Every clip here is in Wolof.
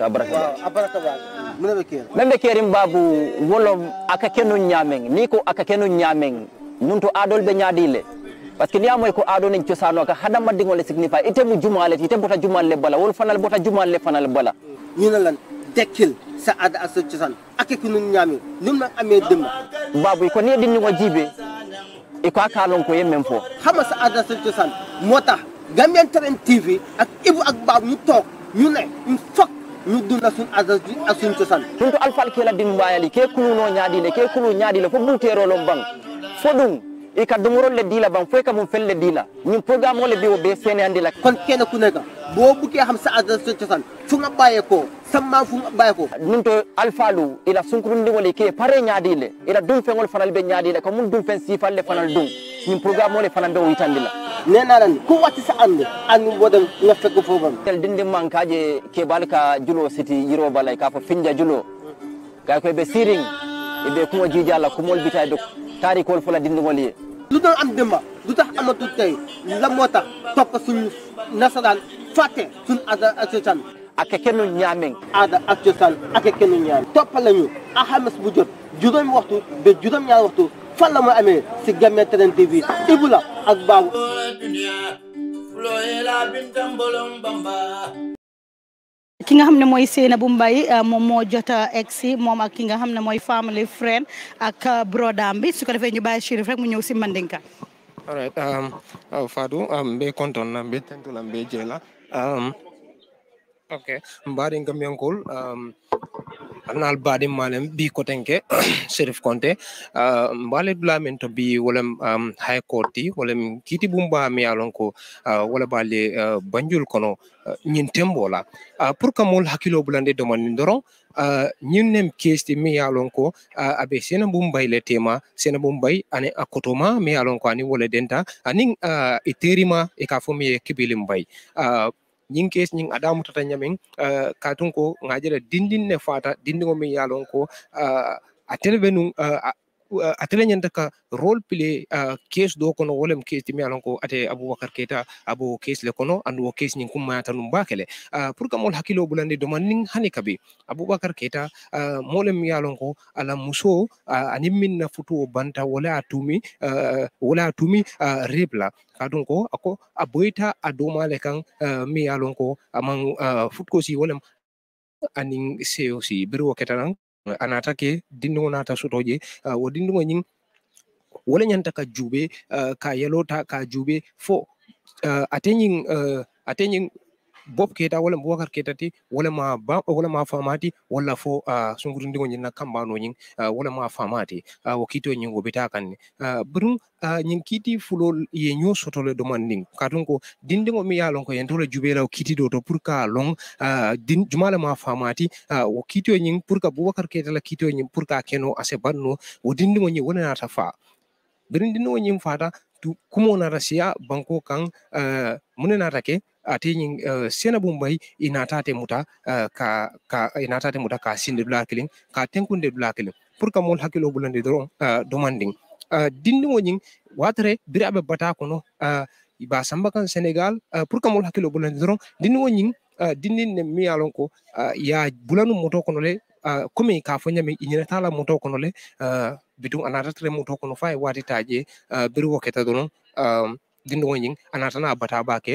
to abaraka ba ba mun be ker kerim babu wolo aka keno nyameng ni ko aka keno nyameng nun to adol be nyaadile parce que ni amoy ko aado nen cosano ka hada maddi ngol signify ite mu jumale ite bota jumale bala wol fanal bota jumale fanal bala ni lan dekkil sa ada aso cosan ake ko nun nyami num na amé dem babu ko ni din ngo jibe e ko aka lon ko yemmen fo xama sa ad aso cosan motax gambian tren tv ak ibu ak babu ñu tok ñu ne ñu fokk yuddu na sun azazji asun cosan hunto alfal kela dimbayali ke kuluno ñaadile ke kulu ñaadile fo ɓuuterolon ban fo ɗum i ka domorolle di la ban fo i ka mun felle di la ñin programme le bi o be seeneyandi la kon kene ku nekk boo buggee xam sa adresse cosan fu nga bàyyee ko samma fu nga bàyyee ko nun to alfaalu ila sunkurundiŋol i kee pare ñaadi le ila dum feŋol fanal be ñaadi le ko mun dum fen siifal le fanal dum ñin programme le fanan be o yitandi la nenarani ko watti sa annde anni woɗon nga feggo fofam tel dindi man kaaje keebal ka julo siti yiro balay ka fo finja julo gay koye ɓe siring eɓe kumo jiija allah kumol bita e dow tarikol fola dindigol ye lu doon am démba lu tax amatul tey la moo tax topp suñu nasaraan fàtte suñu aada ak cosaan ake kenn ñaameng aada ak cosaan ake kenn ñaameng toppa lañu alxames bu jot juróomi waxtu ba juróom-ñaari waxtu fan la mooy amee si Gambian Talents TV Ibou la ak Babou ki nga xamne ne mooy Sainabou Mbye moom moo jot exi egg moom ak ki nga xam ne mooy family friend ak uh, brodam bi su ko defé ñu baye Chérif rek mu ñëw ci Mandinka. all right um, uh, Fadu um, be konton na be tentu la mbe jela um, ok mbaari nga um anal baɗim malem bi kotenke serif konte uh, mbale dula to bi wala um, high court wala kiti bumba mi yalon ko uh, wala bale uh, banjul kono ñin tembola pour que mol hakilo bulande domani ndoro ñin nem kesti mi yalon ko abe sena bumbay le tema sena bumbay ane akotoma mi yalon ko ani wala denta ani iterima e ka fo mi ñing kes ñing adamu tata ñamin uh, katun ko ngajira dindin ne fata dindin min yalon ko uh, a uh, atele ñanta ka role play uh, case do kono wolem case timi alon ko ate abubakar keita abo case le kono andu o case ñin kummayata num bakele uh, pour mol hakilo bulandi doman nin hani kabi abubakar keita uh, molem yalon ko ala muso uh, anin min na futu o banta wala atumi tumi uh, wala a tumi uh, ribla kadun ko ako a boyta a kan uh, mi yalon ko aman uh, futkosi wolem anin seyo si biri wo ketanan Eh, anatake dindigo nata sotoje eh, wo dindigo ñing wala ñanta ka juube eh, ka yelota ka jube fo ateñing ateñing bob keta wala bubakar ketati wala ma ba wala ma famati wala fo uh, ah, sungurindigo nyina kambano nyin uh, ah, wala ma famati uh, ah, wakito nyin go bita kan uh, burun uh, nyin kiti fulo ye nyo sotole do manding katun ko dindingo mi yalon ko yentola jubela kiti do to pour long uh, din jumala ma famati uh, wakito nyin pour ka bubakar ketala kito nyin pour keno ase banno wodindingo nyin wala na tafa birin dindingo nyin fata tu kumo rasiya banko kan uh, mune take ate uh, sena bumbayi i naataate muta uh, ka, ka i muta ka sinde dulaa ka tenkunde dulaa pour ka moolu hakkiloo bulandi doroŋ uh, domandiŋ uh, dindiŋo ñiŋ waatere biri a kono uh, ba samba kaŋ sénégal uh, pour ka moolu hakkiloo bulandi doroŋ dindiŋo ñiŋ uh, dindin ne miŋ ko uh, ye bulanu motoo kono le uh, komi k'a fo ñami i ñinata la kono le uh, bitum a naata tere kono fo a ye uh, biri wo keta um, dindiŋo ñiŋ a naata naa bataa ke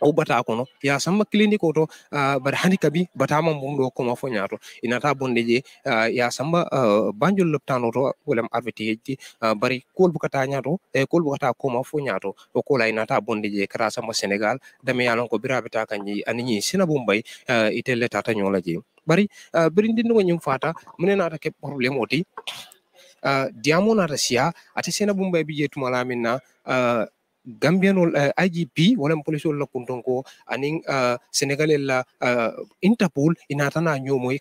o bata kono ya samma clinique o to uh, bara hani kabi batama mum ɗo koma fo ñaato inata bonde je uh, ya samba uh, banjol loptano to wolem arveteji uh, bari kol bukata ñaato e eh, kol bukata koma fo ñaato o kola inata bonde je kata samba sénégal dame yalon ko biraɓe ta kanji ani sina bombay uh, ite letata ñola je bari uh, birindindigo ñum fata mune nata ke probléme o uh, diyamo nata siya ate sena bombay bi je tumala min uh, gambian ol uh, eh, igp walam police ol kunton ko anin uh, eh, senegal la uh, interpol ina tana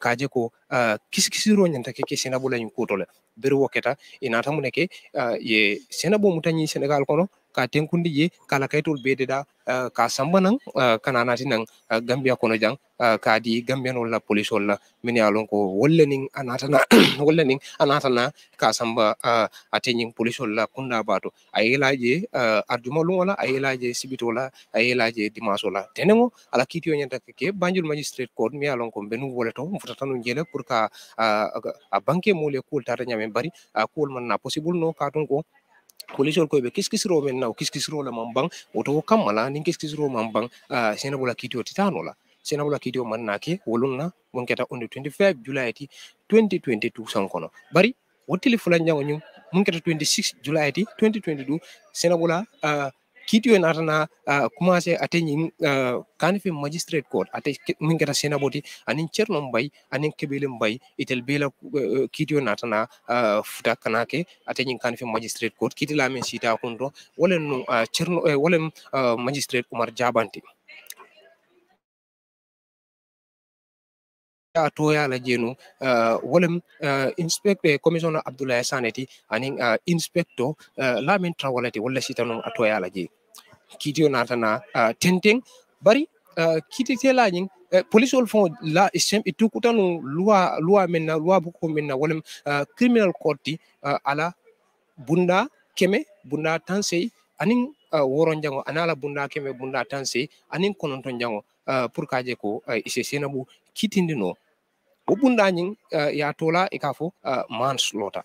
ka je ko uh, kisikisiro nyanta ke senabula nyukutole beri woketa ina tamune ke uh, ye senabo mutanyi senegal kono ka tenkundi je kala kaytol beedeɗa uh, eh, ka samba nan uh, kana nati nan uh, gambia kono jang uh, kadi gambianol la polisol la min ya ko wolle nin a natana wolle nin ka samba uh, a teñin polisol kunda bato a yelaje uh, arduma lungo la a yelaje sibito la a yelaje dimaso la tenengo ala kitiyo ñanta ke banjul magistrate court mi ya ko benu wole to futatanu jele pour ka uh, a banque mole kuol tata ñamen bari uh, kuol man na possible no ka ton ko kolisol koyɓe kiskisroɓe naw la man ban woto wo kammala nin kiskisiro man ban uh, senabula kitio sena bola kitio man nake wolunna wonketa on 25 july ti 2022 sankono bari wotili fulan jango ñum mun keta 26 july ti 2022 bola uh, kiitio en arana commencé ah, ateñi ah, kani fe magistrate court ate min keta senaboti anin ceerno mbay anin keɓele mbay itel beela eh, kiitio natana ah, futa kanake ateñin kani fe magistrate court kiitilamen sita kun to wolen no ceerno eh, wolen magistrate oumar diabanti ya la jenu uh, wolem uh, inspector commissioner abdoulaye saneti anin uh, inspector uh, lamin trawalati wala sitanu atoya la jenu kiitiyo natana uh, ah, tenteng bari uh, ah, kiititela ñing uh, eh, police ol fon la sem e tukutanu loi loi men na loi bu ko men uh, ah, criminal court ti uh, ala bunda keme bunda tansey anin uh, woron jango anala bunda keme bunda tansey anin kononton jango uh, pour kaje ko uh, ise senabu kitindino wo bunda ñing uh, ya tola e ka fo uh, manslaughter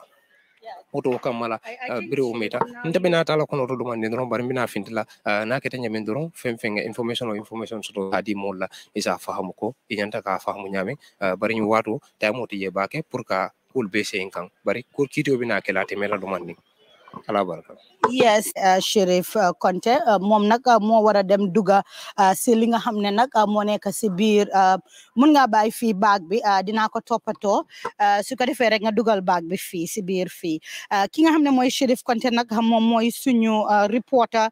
woto kamma la uh, biri wo meta nte bena ta la kono to domande dɔrɔn bari bena fintila uh, n'a kɛtɛ ñamin doron fɛn fɛn information o information soto k'a mol la isa fahamu ko iñanta k'a fahamu ɲamin uh, bari ɲi waato tayimo ti ye baa pour ka kol be sen kan bari kor kitiyo bena kɛla a tɛmɛ la alaabaraka yes Sheriff uh, uh, Konte uh, moom nag moo war a dem duga si li nga xam ne nag moo nekk si biir mun nga bàyyi fii baag bi dinaa ko toppatoo su ko defee rek nga dugal baag bi fii si biir fii ki nga xam ne mooy Sheriff Konte nag moom mooy suñu reporter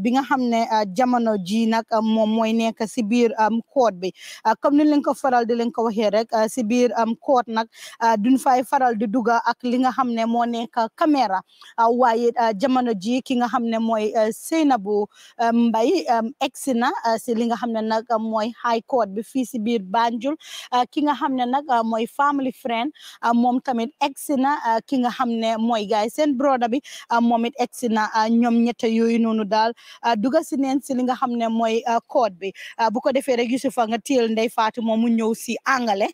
bi nga xam ne jamono ji nag moom mooy nekk si biir kot um, bi comme ni leen ko faral di leen ko waxee rek si biir um, court nag duñ fay faral di duga ak li nga xam ne moo nekk caméra waaye euh, jamono ji ki nga xam ne mooy euh, Sainabou euh, Mbye egsi na si li nga xam ne nag mooy high court bi fii si biir Banjul ki nga xam ne nag mooy family friend moom tamit egsi na ki nga xam ne mooy gaay seen broda bi moom it egsi na ñoom ñette yooyu noonu daal duga si neen si li nga xam ne mooy court bi bu ko defee rek Yusufa nga téel Ndey Fatou moom mu ñëw si angale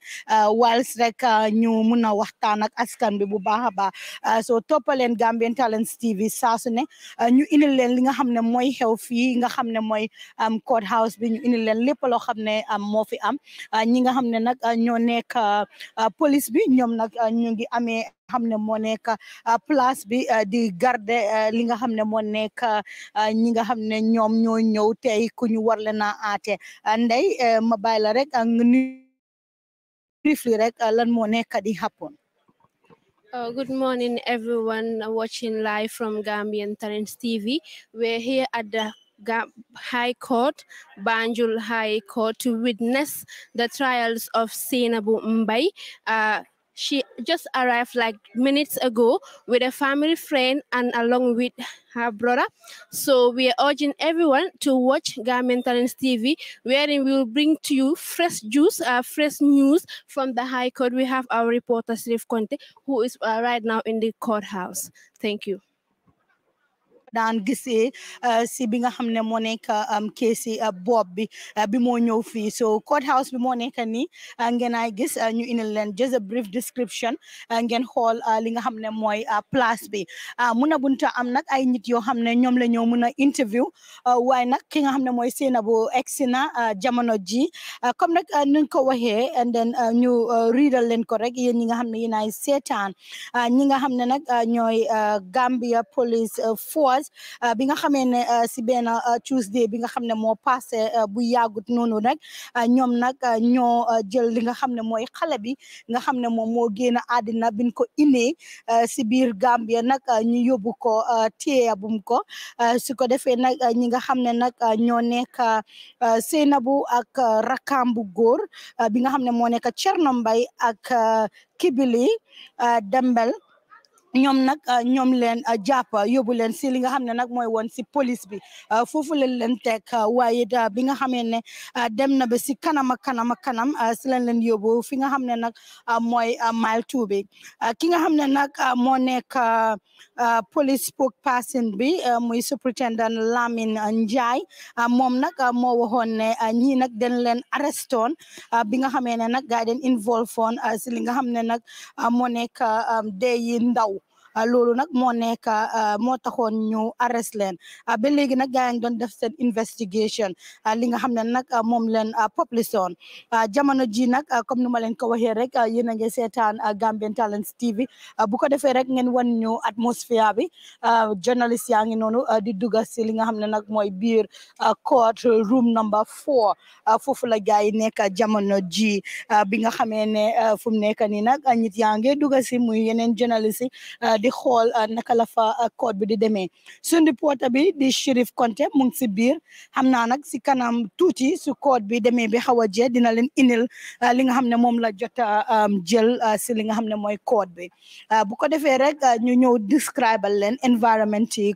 wals rek ñu mun a waxtaan askan bi bu baax so toppaleen Gambian Talents TV saa su ne ah, ñu indil leen li nga xam ne mooy xew fii nga xam ne mooy court house bi ñu indil leen lépp loo xam ne moo fi am ah, ñi nga xam ne nag ah, ñoo nekk police bi ñoom nag ñu ngi amee xam ne moo nekk place bi di garde li nga xam ne moo nekk ñi nga xam ne ñoom ñoo ñëw tey ku ñu war leen a aate ndey eh, ma bàyyi la rek nga nu briefly rek lan moo nekk di happen Oh, good morning, everyone uh, watching live from Gambian Talents TV. We're here at the High Court, Banjul High Court, to witness the trials of Senabu Mbai. Uh, she just arrived like minutes ago with a family friend and along with her brother. So we are urging everyone to watch Garment Talents TV, wherein we will bring to you fresh juice, uh, fresh news from the High Court. We have our reporter, Sirif Conte, who is uh, right now in the courthouse. Thank you. Dan gisee eh, si bi nga xam ne moo nekk keesi eh, boob bi eh, bi moo ñëw fii so court bi moo nekk nii ngeen gis ñu indil leen just a brief description ngeen hall li nga xam ne mooy place bi mun bunta am nag ay nit yoo xam ne la ñoo mun interview waaye nag ki nga xam ne mooy Sainabou egsi na jamono ji comme nag nuñ ko waxee and then ñu riidal leen ko rek yéen ñi nga xam ne yéen ay ñi nga xam ne nag Gambia Police Force hours euh, bi nga xamee ne euh, si benn euh, Tuesday bi nga xam ne moo passé bu yàggut noonu nag ñoom nag ñoo jël li nga xam ne mooy xale bi nga xam ne moom moo génn àddina bin ko inee si biir Gambia nag ñu yóbbu ko téye bum ko su ko defee nag ñi nga xam ne nag ñoo nekk Seynabou ak rakam bu góor bi nga xam ne moo nekk Cerno Mbay ak Kibili Dembel ñoom nag ah, ñoom leen ah, jàpp ah, yóbbu leen si li nga xam ne nag mooy woon si police bi foofu lañ leen teg waaye it bi nga xamee ne dem na ba si kanam ak kanam ak si lañ leen yóbbu fi nga xam ne nag mooy mile two bi ki nga xam Uh, police spokesperson bi uh, muy superintendent Lamine uh, Ndiaye uh, moom nag uh, moo waxoon ne ñii nag den leen arrestoon bi nga xamee ne nag den involve foon si li nga xam ne nag moo day um, dee yi ndaw Ah, loolu nag moo nekk ah, moo taxoon ñu arrest leen ah, ba léegi nag gaa ngi doon def seen investigation li nga xam ne nag moom leen publicoon jamono ji nag comme nu ma leen ko waxee rek yéen a ngi seetaan Gambian Talents TV bu ko defee rek ngeen wan ñu atmosphère bi journaliste yaa ngi noonu di dugga si li nga xam ne nag mooy biir court room number four foofu la gaa yi nekk jamono ji bi nga xamee ne fu mu nekk nii nag nit yaa ngi dugga si muy yeneen journaliste yi di xool euh, naka la fa euh, code bi di demee suñ reporter bi di Sheriff Konte mu ngi si biir xam naa nag si kanam tuuti su code bi demee bi xaw a jee dina leen inil euh, li nga xam ne moom la jot a jël si li nga xam ne mooy code bi bu ko rek ñu ñëw describe leen environment yi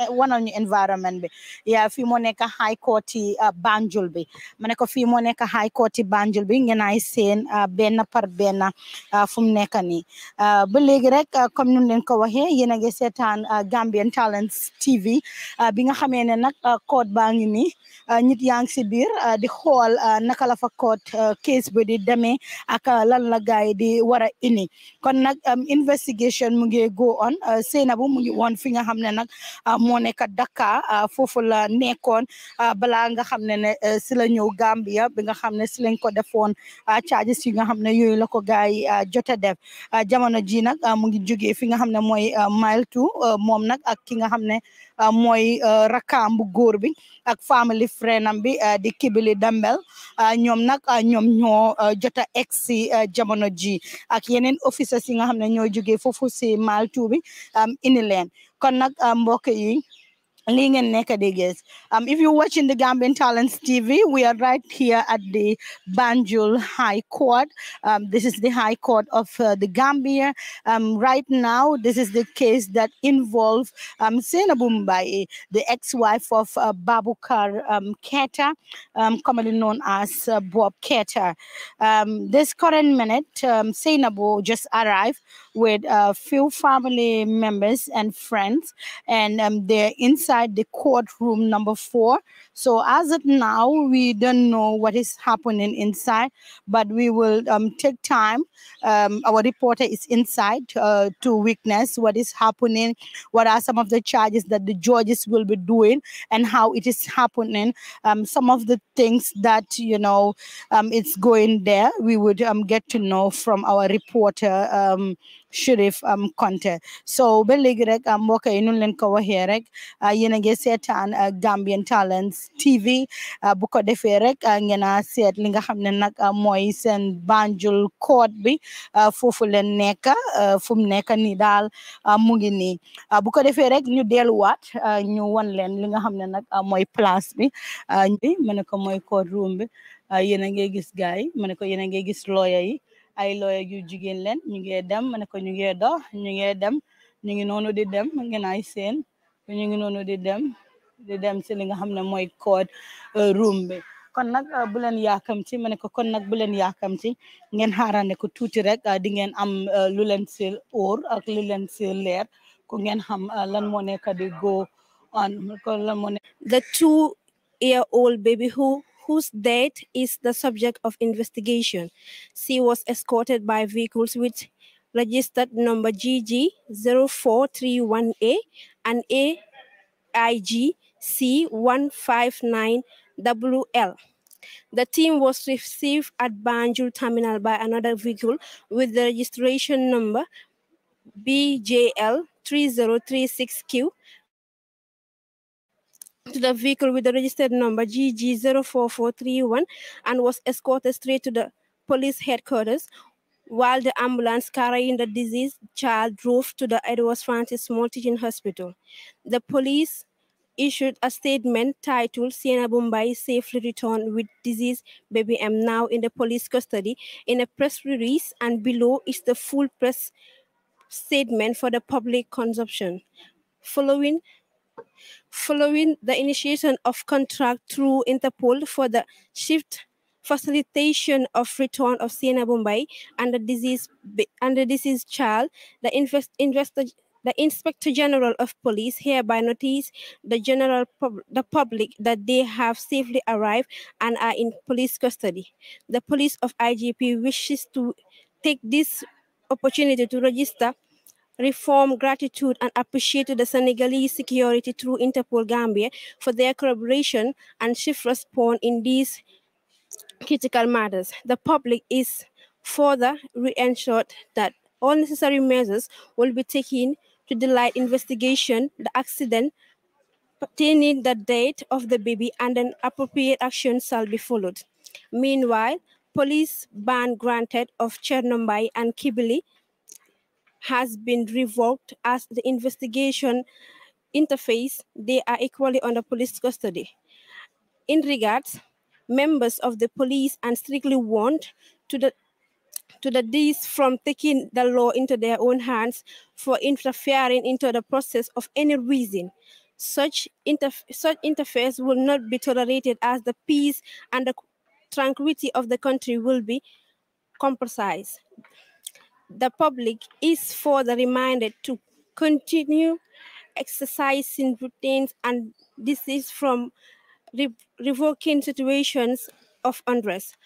Eh, one on environment Yeah, if you want a high court yi uh, Banjul be. ma ne ko fii moo nekk high court yi Banjul bi ngeen ay seen uh, benn par benn uh, fu mu nekk nii ba léegi rek comme nun leen ko waxee yéen a ngi Gambian Talents TV bi nga xamee ne nag court baa ngi nii nit yaa ngi si biir di xool naka la fa court case be di demee ak lan la di war ini kon nag um, investigation mu go on Sainabou mu ngi woon fi nga xam ne nag moo nekk daka ah, foofu la nekkoon ah, balaa nga xam ne ne eh, si la ñëw Gambia bi nga xam ne si lañ ko defoon ah, charges yi nga xam ne yooyu la ko gars yi jote def jamono ji nag mu ngi jógee fi nga xam ne mooy mile two moom nag ak ki nga xam ne Euh, mooy euh, rakkaam bu góor bi ak family friend am bi euh, di Kibili a ñoom nag ñoom ñoo jota egg si jamono ji ak yeneen officers yi nga xam ne ñoo jógee foofu si Mile 2 bi indi leen kon nag mbokk yi Ling and Nekadiges. Um, if you're watching the Gambian Talents TV, we are right here at the Banjul High Court. Um, this is the High Court of uh, the Gambia. Um, right now, this is the case that involves um, Senabumbai, the ex-wife of uh, Babukar um, Keta, um, commonly known as uh, Bob Keta. Um, this current minute, um, Senabu just arrived with a uh, few family members and friends, and um, they're inside inside the courtroom number four. So as of now, we don't know what is happening inside, but we will um, take time. Um, our reporter is inside uh, to witness what is happening, what are some of the charges that the judges will be doing, and how it is happening. Um, some of the things that you know um, it's going there, we would um, get to know from our reporter um, Sheriff um, Conte. So Beligirek um, Woka Inunlen Kawaherek, uh, Yena Geset and uh, Gambian Talents TV, uh, Buko Deferek, Ngena Set Lingahamnenak Mois and Banjul Kodbi, Fufulen Neka, Fum Neka Nidal Mugini. Buko Deferek, New Del Wat, New One Len Lingahamnenak Moi Plus bi, Manako Moi Court Room bi. yéen a ngi gis gars yi ma ne ko yéen a ngi gis lawyer yi ay lawyer yu jigéen leen ñu ngi dem ma ne ko ñu ngi dox ñu ngi dem ñu ngi noonu di dem ngeen seen ñu ngi noonu di dem di dem ci li nga xam ne mooy court euh, room bi kon nag euh, bu leen yaakamti ma ne ko kon nag bu leen yaakamti ngeen xaarande ko tuuti rek euh, di ngeen am lu leen si óor ak lu leen si leer ku ngeen xam lan moo nekk di go on ko lan moo the two year old baby who whose death is the subject of investigation. She was escorted by vehicles with registered number GG0431A and AIGC159WL. The team was received at Banjul terminal by another vehicle with the registration number BJL3036Q to the vehicle with the registered number GG04431 and was escorted straight to the police headquarters while the ambulance carrying the deceased child drove to the Edwards Francis Multigen Hospital. The police issued a statement titled Sienna Bombay safely returned with disease baby am now in the police custody in a press release and below is the full press statement for the public consumption. Following following the initiation of contract through Interpol for the shift facilitation of return of Siena Bombay and the disease and the disease child, the invest, investor, the Inspector General of Police hereby notice the general pub, the public that they have safely arrived and are in police custody. The police of IGP wishes to take this opportunity to register reform, gratitude, and appreciate to the Senegalese security through Interpol Gambia for their collaboration and swift response in these critical matters. The public is further reassured that all necessary measures will be taken to delay investigation the accident pertaining the date of the baby and an appropriate action shall be followed. Meanwhile, police ban granted of Chernobyl and Kibili has been revoked as the investigation interface, they are equally under police custody. In regards, members of the police are strictly warned to the to the D's from taking the law into their own hands for interfering into the process of any reason. Such, interf such interference will not be tolerated as the peace and the tranquility of the country will be compromised the public is further reminded to continue exercising routines and this is from re revoking situations of unrest.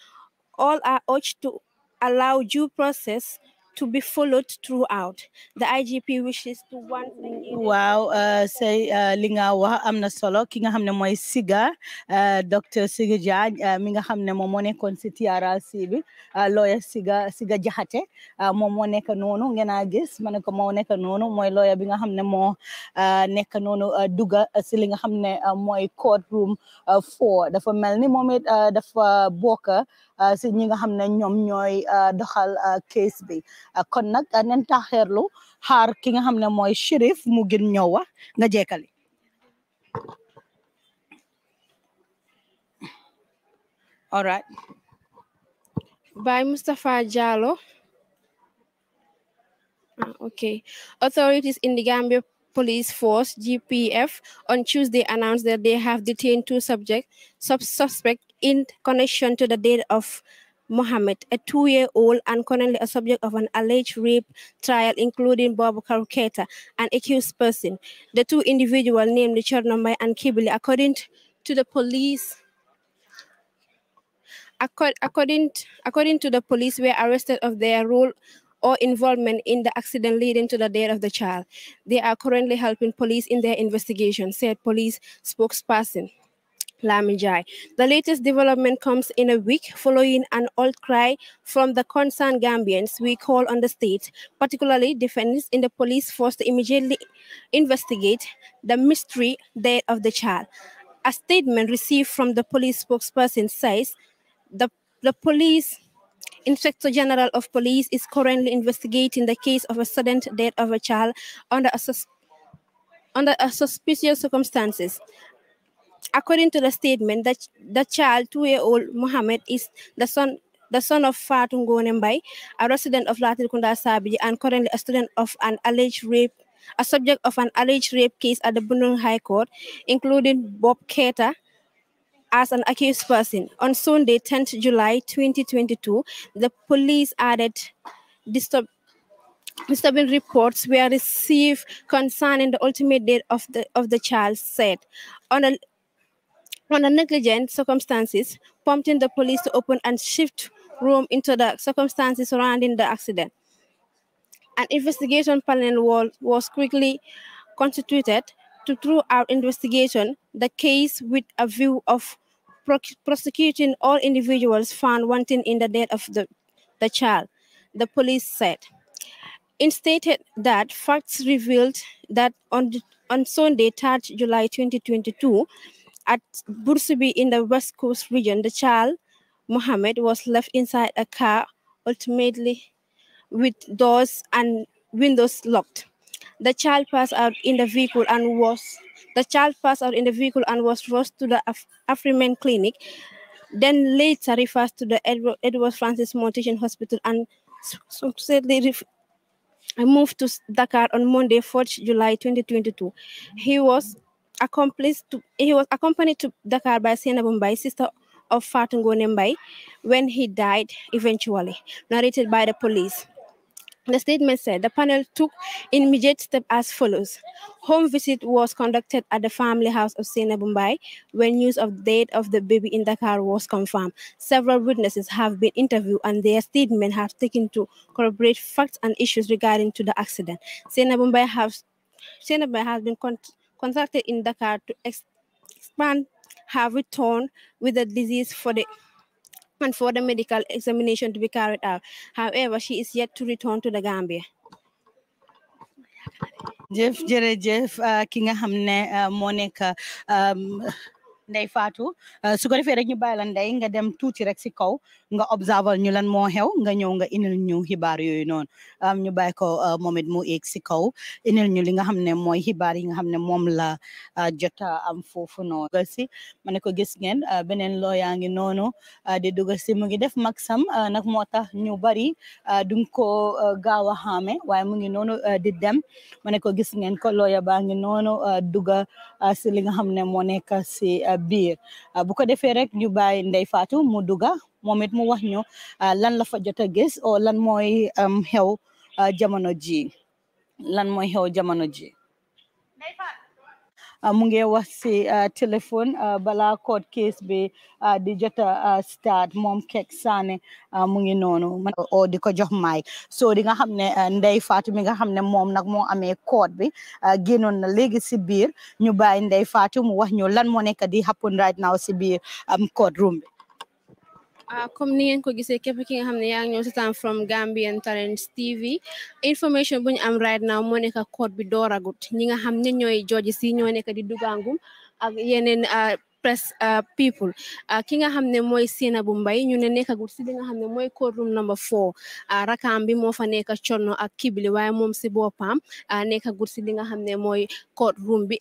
All are urged to allow due process to be followed throughout. The IGP wishes to once again. waaw uh, say uh, linga wa amna am na solo ki nga xam Siga uh, Doctor Siga Diagne mi nga xam ne si TRRC bi lawyer Siga Siga Jaxate momone kanono nekk noonu ngeen a gis ma ne ko moo lawyer bi hamne mo ne kanono duga silinga hamne nga courtroom ne mooy court room four dafa mel ni dafa bokk. Ah, ñi nga ah, doxal ah, case bi kon xaar ki nga shérif mu gën nga all right by Mustafa jallo okay authorities in the Gambia police force GPF on Tuesday announced that they have detained two subjects, sub suspect in connection to the death of Mohammed, a two-year-old and currently a subject of an alleged rape trial, including Bob Karuketa, an accused person. The two individuals named Chornomai and Kibili, according to the police, according, according to the police, were arrested of their role or involvement in the accident leading to the death of the child. They are currently helping police in their investigation, said police spokesperson. Lamijai. The latest development comes in a week following an outcry from the concerned Gambians. We call on the state, particularly defendants in the police force, to immediately investigate the mystery death of the child. A statement received from the police spokesperson says the, the police Inspector General of Police is currently investigating the case of a sudden death of a child under a, sus under a suspicious circumstances. According to the statement, that the child, two-year-old Mohammed, is the son the son of Fatun Ngonembai, a resident of Latin Kunda Sabiji and currently a student of an alleged rape a subject of an alleged rape case at the Bundung High Court, including Bob Keita as an accused person. On Sunday, 10th July 2022, the police added disturb disturbing reports were received concerning the ultimate date of the of the child's set. On a under negligent circumstances, prompting the police to open and shift room into the circumstances surrounding the accident. An investigation panel was quickly constituted to our investigation the case with a view of prosecuting all individuals found wanting in the death of the, the child, the police said. It stated that facts revealed that on, on Sunday, 3rd July 2022, at Bursubi in the West Coast region, the child, Mohammed, was left inside a car, ultimately with doors and windows locked. The child passed out in the vehicle and was the child passed out in the vehicle and was rushed to the Af Afriman clinic, then later referred to the Edward, Edward Francis Mortician Hospital and successfully moved to Dakar on Monday, 4th July 2022. He was accomplished to, he was accompanied to Dakar by Senabu Mbai, sister of Fatungo Ngone when he died eventually, narrated by the police. The statement said the panel took immediate step as follows. Home visit was conducted at the family house of Sena Mumbai when news of the death of the baby in Dakar was confirmed. Several witnesses have been interviewed and their statement have taken to corroborate facts and issues regarding to the accident. Sena Mumbai has Sena Mumbai has been contracted in Dakar to expand have returned with the disease for the and for the medical examination to be carried out. However, she is yet to return to the Gambia. Jeff, jërëjëf uh, ki Kinga, Hamne, uh, ne Ndeye faatu euh, su ko defee rek ñu bàyyi la nga dem tuuti rek si kaw nga observal ñu lan moo nga ñëw nga indil ñu xibaar yooyu noonu ñu bàyyi ko euh, moom it mu eeg si kaw indil ñu li nga xam ne mooy xibaar yi nga xam ne moom la euh, jot am foofu noonu. si ma ne ko gis ngeen beneen looyaa ngi noonu di dugg si mu ngi def mag sam nag moo tax ñu bari duñ ko gaaw a xaame waaye mu ngi noonu di dem ma ne ko gis ngeen ko baa ngi noonu dugg li nga xam ne moo nekk si. biir ah, bu ko defee rek ñu bàyyi Ndeye Fatou mu dugga moom mu wax ñu ah, lan la fa gis o lan mooy xew ah, jamono ji lan mooy xew jamono ji Fatou Ah, mu ngi wax si ah, téléphone ah, balaa court case bi di jot a start moom Kek Saane mu ngi noonu o oh, di ko jox maay so di nga xam ne ndey Fatou mi nga xam ne moom nag moo amee court bi génnoon na léegi si biir ñu bàyyi ndey Fatou mu wax ñu lan moo nekk di happen right now si biir court room bi Ah, comme ni ngeen ko gisee képp ki nga xam ne yaa ngi ñëw seetaan from Gambian Talents TV information bu am right now moo nekk code bi dooragut ñi nga xam ne ñooy jooji si ñoo nekk di dugaangum ak yeneen ah, press uh, people uh, ki nga xam ne mooy Sainabou Mbye ñu ne nekkagul si li nga xam ne mooy courtroom number four uh, rakam bi moo fa nekk Conno ak Kibili waaye moom si boppam nekkagul si li nga xam ne mooy courtroom bi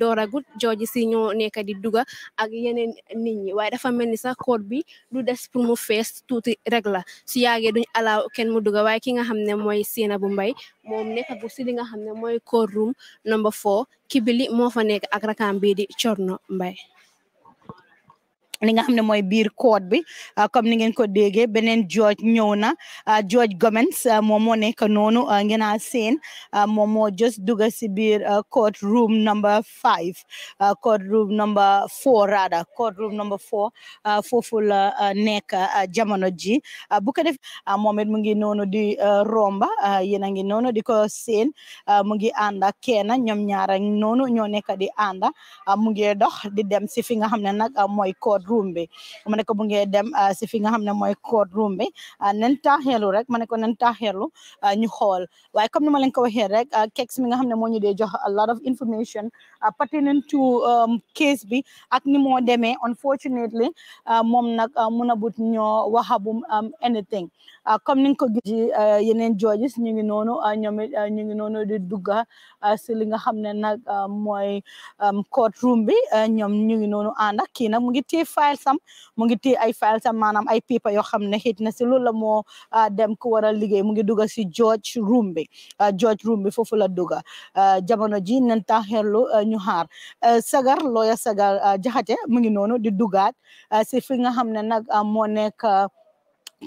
dooragul jooji si ñoo nekk di duga ak yeneen nit ñi waaye dafa mel ni sax court bi du des pour mu fees tuuti rek la su yaagee duñ alaaw kenn mu duga waaye ki nga xam ne mooy Sainabou Mbye moom nekkagul li nga xam ne mooy courtroom number four Kibili moo fa nekk ak rakam bi di Conno mbay li nga xamne moy court bi euh, comme ni ngeen ko benen George Nyona, euh, George Gomens, euh, mom mo nek nonu ngeen a seen mom mo just duga ci biir court room number 5 court room number 4 rada court room number 4 fofu la nek jamono ji bu ko def mu ngi nonu di romba yena ngi nonu di ko seen mu ngi anda kena ñom ñaara nonu ño nek di anda mu ngi dox di dem ci fi nga xamne nak moy court room bi ma ne ko dem ah, si fi nga xam ne mooy court room bi ah, nen taaxeelu rek ma ne ko nen taaxeelu ah, ñu xool comme ni ma leen ko waxee rek kex mi nga xam ne moo ñu dee jox a lot of information pertinent to um, bi ak ni moo demee unfortunately moom nag mun a but ñoo waxabum um, anything comme ni nga ko gis yeneen judges ñu ngi noonu ñoom ñu ngi noonu di dugga si li nga xam ne nag mooy um, court room bi ñoom ñu ngi noonu nag mu ngi file sam mu ngi téye ay files am maanaam ay paper yoo xam ne xit na si la moo ah, dem ku war mu ngi si George room bi ah, George room bi foofu la dugg ah, jamono ji nañ ñu xaar sagar looya sagar jahat mu ngi nono di si fi nga xam ne nag moo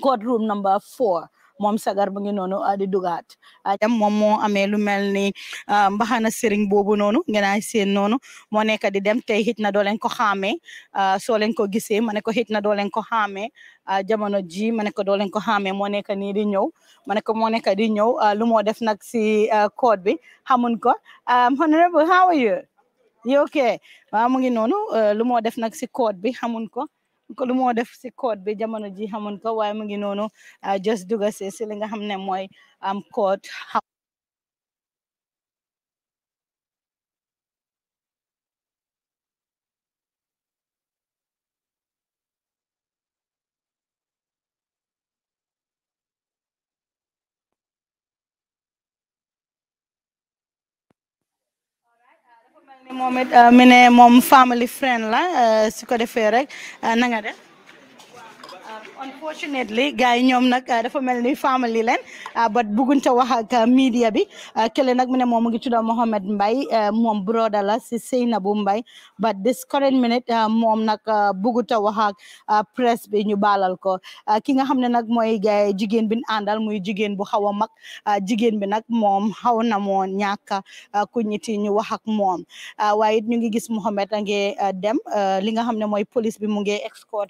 court room number four moom sagar ba ngi noonu uh, di dugaat ajam uh, moom moo amee lu mel ni uh, mbaxana sëriñ boobu nono ngeenaay seen noonu moo di dem tey xit na doo leen ko xaamee soo leen ko gisee ma ne ko xit na doo leen ko xaamee jamono ji lumo ne ko hamunko. leen ko xaamee di ko di lu def si code bi xamun ko um, honorable how are you you okay waaw mu ngi noonu lu moo def si code bi xamun ko ko lu moo def si court bi jamono ji xamun ko waaye mu ngi noonu ah, just duga si si li nga xam ne mooy am court mi moom it euh, ne moom family friend la euh, su ko defee rek euh, na nga def. unfortunately gars yi ñoom nag dafa mel ni family leen ah, bat bëgguñ ta wax ak ah, media bi ah, kële nag mu ne moom mu ngi tudda Mohamed Mbye moom broda la si Seynabou Mbye but this current minute moom nag bëggut a wax ak press bi ñu baalal ko ki nga xam ne nag mooy gars jigéen bi àndal muy jigéen bu xaw a mag jigéen bi nag moom xaw na moo ñàkk ku ñiti ñu wax moom waaye it ñu ngi gis Mohamed a dem li nga xam ne mooy police bi mu ngi escort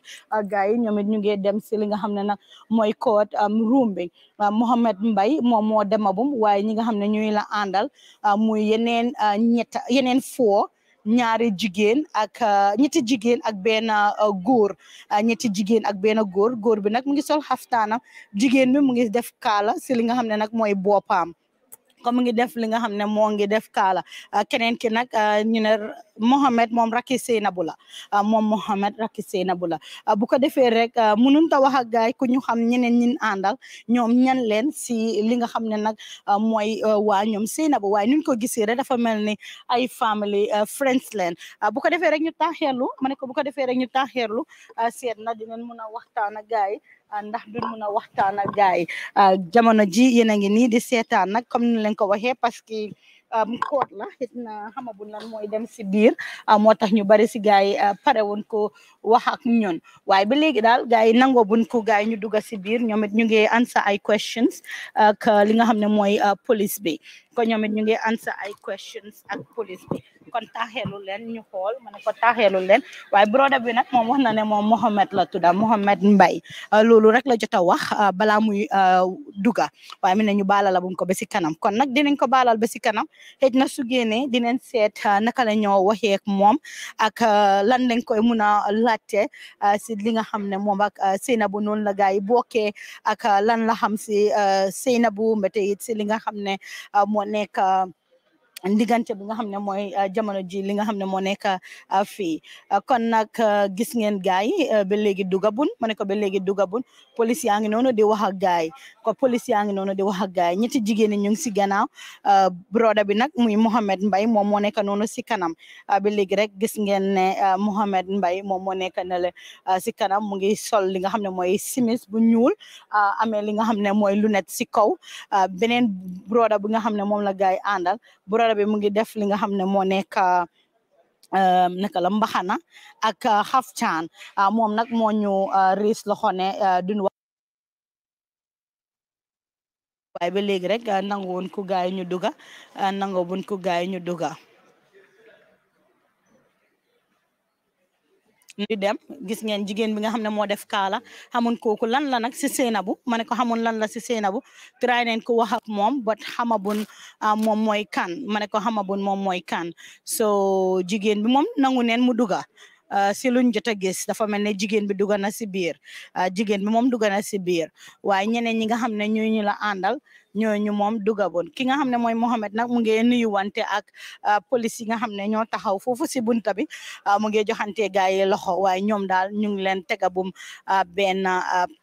gars yi ñoom it ñu ngi dem si li nga xam ne nag mooy court um, room bi uh, Mohamed Mbay moom moo demagum waaye ñi nga xam ne ñuy la àndal uh, muy yeneen uh, ñett yeneen foo ñaari jigéen ak ñetti jigéen ak benn góor ñetti jigéen ak benn góor góor bi nag mu ngi sol xaftaanam jigéen mi mu ngi def kaala si li nga xam ne nag mooy boppaam comme ngi def li xam ne moo ngi def kaala keneen ki nag ñu ne mohammed moom rakki bola. la ah, moom Mohamed rakki Sainabou la ah, bu ko defee rek ah, mënunta wax ak gaay ku ñu xam ñeneen ñin ñan leen si li nga xam ne nag mooy waa ñoom Sainabou waaye nuñ ko gisee rek dafa ay family friends leen bu ko defee rek ñu taaxeerlu ma ne ko bu ko defee rek ñu taaxeerlu seet na dinañ mën waxtaan ak gaay ndax duñ mën waxtaan ak jamono ji ngi di comme leen ko waxee parce que koot la xit na xamaguñ lan mooy dem si biir ah, moo tax ñu bari si gars yi ah, pare woon ko wax ak ñun waaye ba léegi daal gars yi nangoo buñ ko gars yi ñu dugg si biir ñoom ñu ngi answer ay questions ak ah, li nga xam ne mooy police bi ko ñoom ñu ngi answer ay questions ak police bi kon taaxeelu leen ñu xool ma ko taaxeelu leen waaye broda bi nag moom wax na ne moom Mohamed la tudda Mohamed Mbay euh, loolu rek la jot a wax euh, balaa muy euh, duga waaye mi ne ñu baalala buñ ko ba si kanam kon nag dinañ ko baalal ba si kanam xëj na su génnee dinañ seet naka la ñoo waxee ak moom ak lan lañ koy mun a laajte si li nga xam ne moom ak Seynabou noonu la gars yi bokkee ak lan la xam si Seynabou mbete it si li nga xam ne moo diggante bi nga xam ne mooy euh, jamono ji li nga xam ne moo nekk euh, fii euh, kon nag gis ngeen gaay yi ba léegi dugabun ma ne ko ba léegi dugabun police yaa ngi noonu di wax ak gaay ko police yaa ngi noonu di wax ak gaay ñetti jigéen ñi ñu ngi si gannaaw broda bi nag muy Mohamed Mbay moom moo nekk noonu si kanam ba léegi rek gis ngeen ne Mohamed Mbay moom moo nekk na si kanam mu ngi sol li nga xam ne mooy simis bu ñuul amee li nga xam ne mooy lunette si kaw beneen broda bi nga xam ne moom la gaay àndal broda dara bi mu ngi def li nga xam ne moo nekk um, naka la mbaxana ak uh, xaftaan uh, moom nag moo ñu uh, riis loxo ne duñu waaye ba léegi rek nangu woon ku gaay ñu duga nangu woon ku gaay ñu duga di dem gis ngeen jigéen bi nga xam ne moo def kaala xamun kooku lan la nag si Sainabou ma ne ko xamun lan la si Sainabou try nañ ko wax ak moom but xamabun ah, moom mooy kan ma ne ko xamabun moom mooy kan so jigéen bi moom nangu Euh, si luñ jot a gis dafa mel ne jigéen bi dugg na si biir euh, jigéen bi moom dugg na si biir waaye ñeneen ñi nga xam ne ñoo ñu la àndal ñooñu moom dugaboon ki nga xam ne mooy Mohamed nag mu ngi nuyu wante ak euh, police yi nga xam ne ñoo taxaw foofu si bunta bi mu ngi joxante gaay yi loxo waaye ñoom daal ñu ngi leen tegabum benn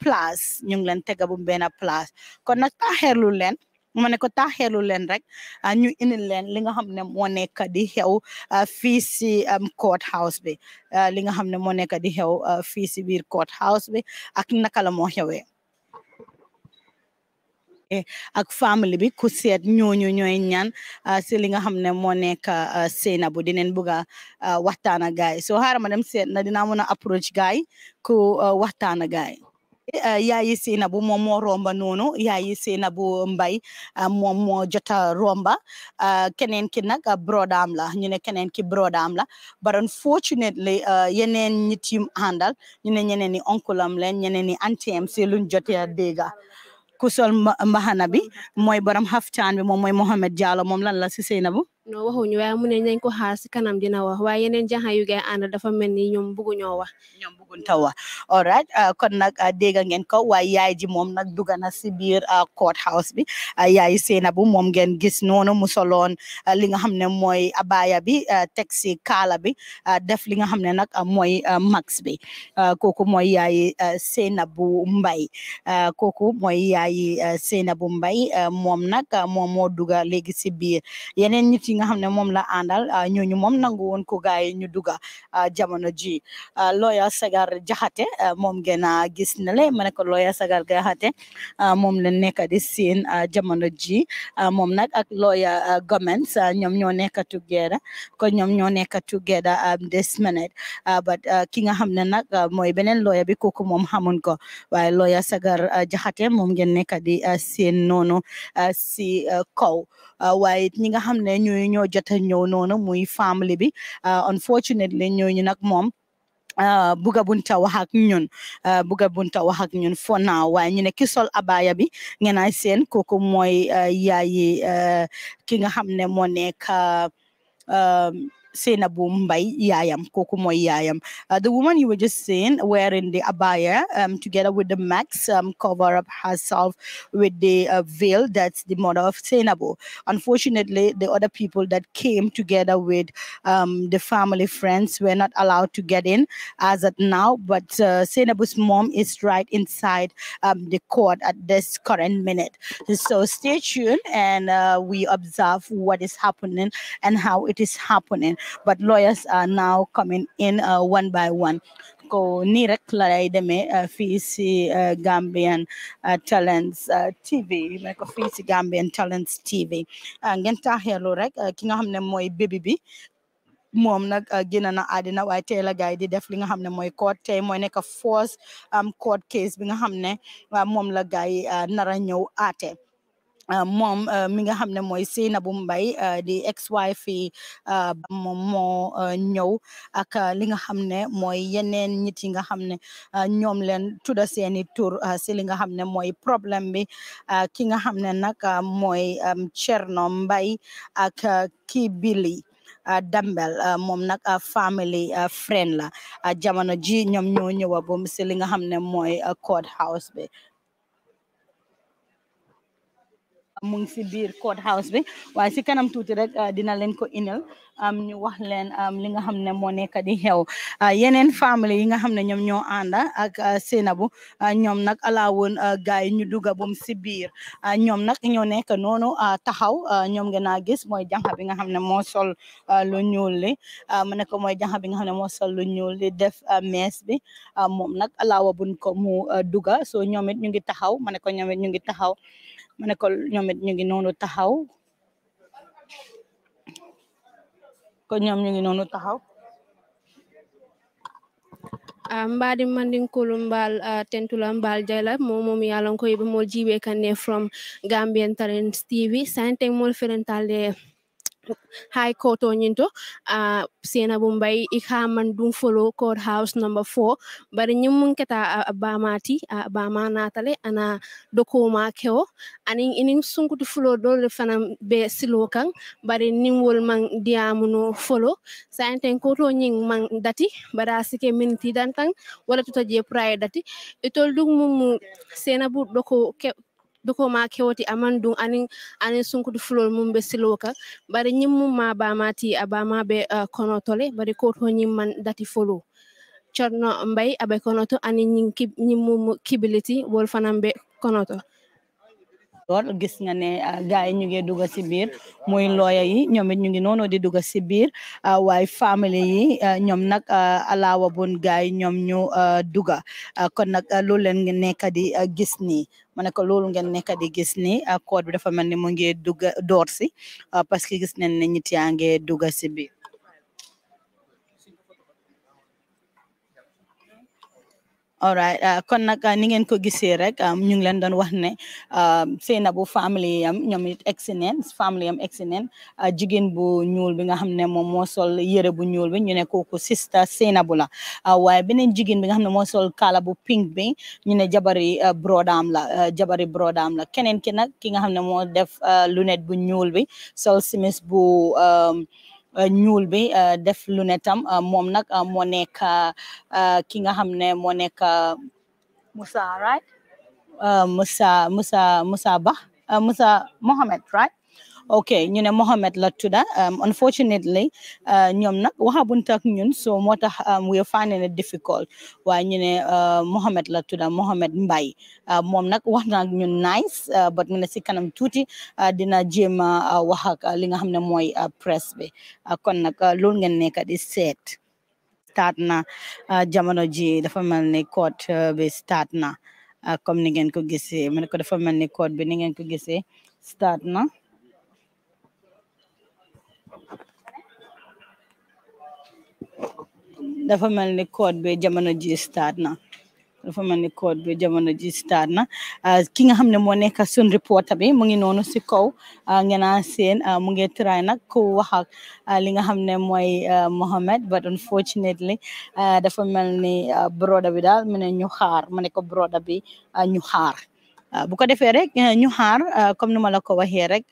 place ñu ngi leen tegabum benn place kon nag taaxeerlu leen ma ne ko taaxeelu leen rek ah, ñu indil leen li nga xam ne moo nekk di xew ah, fii si um, court house bi ah, li nga xam ne moo nekk di xew fii si biir court house bi ak naka la moo xewee ak family bi ku seet ñu ñooy ñaan si li nga xam ne moo nekk Sainabou dinañ bugg a waxtaan ak gaay so xaaral ma dem seet na dinaa mën a approach gaay ku waxtaan ak gaay Eh, yaayi Sainabou moom moo romba noonu yaayi Sainabou Mbye ah, moom moo jota romba ah, keneen ki nag ah, brodam la ñu ne keneen ki brodaam la but unfortunately yenen ñit yim àndal ñu ne ñeneen ni onkulam leen ñeneen ni antiem si luñ jotee dégga ku sol mbaxana bi mooy borom xaftaan bi moom mooy Mohamed Diallo moom lan la si Sainabou no waxuñu waaye mu ne nañ kanam dina wax waaye yeneen jaxa yu gay àndal dafa mel ni ñoom bugguñoo Guntawa all right uh, kon nag uh, dégg ngeen ko waaye yaay ji moom nag duga na si biir uh, court house bi yaay Sainabou moom ngeen gis noonu mu soloon li nga xam ne mooy abaya bi teg si kaala bi def li nga xam ne nag mooy max bi kooku mooy yaay Sainabou Mbye kooku mooy yaay Sainabou Mbye moom nag moom moo duga léegi si biir yeneen nit yi ne moom la àndal ñooñu moom nangu woon ko ñu duga jamono ji looya sega gar jahate moom gena gis na le ma ne ko lawyer sagar jahate mom la nekk di seen jamono ji moom nag ak lawyer governments ñoom ñoo nekk together ko ñoom ñoo nekk together this minute but ki nga xam ne nag mooy beneen lawyer bi kooku mom xamun ko waaye lawyer sagar jahate moom ngeen nekk di seen noonu si kaw waaye ñi nga xam ne ñooy ñoo jot a ñëw noonu muy family bi unfortunately ñooñu nag moom Euh, buga bunta wax ak ñun euh, buga bunta wax ak ñun fo naa ñu ne ki sol abaya bi ngeen ay seen kooku mooy euh, yaayi ki nga xam ne moo nekk Senabu Mbai Yayam, Kokumo Yayam. Uh, the woman you were just seeing wearing the abaya um, together with the max um, cover up herself with the uh, veil that's the mother of Sainabo. Unfortunately, the other people that came together with um, the family friends were not allowed to get in as at now, but uh, mom is right inside um, the court at this current minute. So stay tuned and uh, we observe what is happening and how it is happening but lawyers are now coming in uh, one by one ko nii rek la lay demee fii si Gambian Talents TV ma uh, ne ko fii si Gambian Talents TV ngeen taaxeelu rek uh, ki nga xam ne mooy bébi bi moom nag uh, génn na adina waaye tey la gaay di def li nga xam ne court tey mooy nekk force am um, court case bi nga xam ne la gaay nara ñëw aate Euh, moom euh, mi nga xam ne mooy Sainabou Mbye euh, di ex-wife yi moom moo ñëw ak li nga xam ne mooy yeneen nit yi nga xam ne ñoom leen tudda seeni tur si li nga xam ne mooy problème bi ki nga xam ne nag mooy Cherno Mbye ak kii Billy Dambel moom nag family friend la jamono ji ñoom ñoo ñëwagum si li nga xam ne mooy court house bi mu ngi si biir court house bi waaye si kanam tuuti rek ah, dina leen ko am ñu wax leen li nga xam ne moo nekk di xew ah, yeneen famille yi nga xam ne ñoom ñoo ànda ak ah, Sainabou ñoom nag alaawoon gars yi ñu dugga bum si biir ñoom nag ñoo nekk noonu taxaw ñoom ngeen a gis mooy janxa bi nga xam ne moo sol lu ñuul li mu ne mooy janxa bi nga xam ne moo sol lu ñuul li def mees bi moom nag alaawa buñ ko mu dugga so ñoom it ñu ngi taxaw ma ne ko ñoom ñu ngi taxaw ma ne ko ñoom ñu ngi noonu taxaw ko ñoom ñu ngi noonu taxaw ah, mbaadi mandinkulu mbal ah, tentula mbal jayla mo mom yalon ko yibe mol jibe kanne from gambian talents tv sante mol ferentale High ah, Court on into uh, Sena Bombay Ikaman Dum Follow Courthouse number four bari nyum keta abamati abama natale ana dokoma keo anin inin sunkutu fulo dole fanam be silo kan bari nimwol man diamuno follow sainten koto nying man dati bara sike minti dantan wala tuta je dati itol dum mum sena bu doko biko ma kewti aman dum anin anin sunkudu fulol mum be silo ka bari ñimmum ma bamati a bama be uh, kono tole bari koto ñimman dati folo corno mbay aɓe konoto anin ñimmum kibiliti wol fanan be konoto lool gis nga ne ah, gars yi ñu ngi dugg si biir muy looya ah, ah, yi ñoom ñu ngi di dugg sibir, biir waaye family yi ñoom nag alaawa bun gars yi ñoom ñu dugg kon nag loolu leen nga di gis nii ma ne ko loolu ngeen nekk di gis ni code bi dafa mel ni ngi dugg door si parce que gis nañ ne nit yaa ngi dugg si alright uh, kon nag uh, ni ngeen ko gisee rek um, ñu ngi leen doon wax ne um, Sainabou family am ñoom it egsi neen family am uh, jigéen bu ñuul bi nga xam ne moom moo sol yére bu ñuul bi ñu ne kooku sista Sainabou la waaye beneen jigéen bi nga xam ne moo sol kaala bu pink bi ñu ne jabari brodaam la jabari brodaam la keneen ki nag ki nga xam ne moo def lunette bu ñuul bi sol simis bu um, Euh, ñuul bi euh, def lu ne tam euh, moom nag moo nekk ki nga xam ne moo nekk Musa right Musa Musa Musa Ba Musa Mohamed right ok ñu ne Mohamed la tudda um, unfortunately uh, ñoom nag waxabunta ak ñun so moo tax um, we are finding it difficult waaye ñu ne uh, Mohamed la tudda Mohamed Mbaye uh, moom nag wax na ak ñun nice but mu ne si kanam tuuti dina jéem a wax ak li nga xam ne mooy presse bi kon nag loolu ngeen nekk di set, start na jamono ji dafa mel ni court bi start na comme ni ngeen ko gisee mu ne ko dafa mel ni court bi ni ngeen ko gisee start na dafa mel ni koot bi jamono ji start na dafa mel ni koot bi jamono ji start na ah, ki nga xam ne moo nekk sun reporter bi mu ngi noonu si kaw ah, ngeen seen ah, mu try nag ko wax ak li nga xam ne mooy Mohamed but unfortunately dafa mel ni broda bi daal mu ne ñu xaar mu ne ko bi ñu xaar Euh, bu ko defee rek euh, ñu xaar euh, comme nu ma la ko waxee rek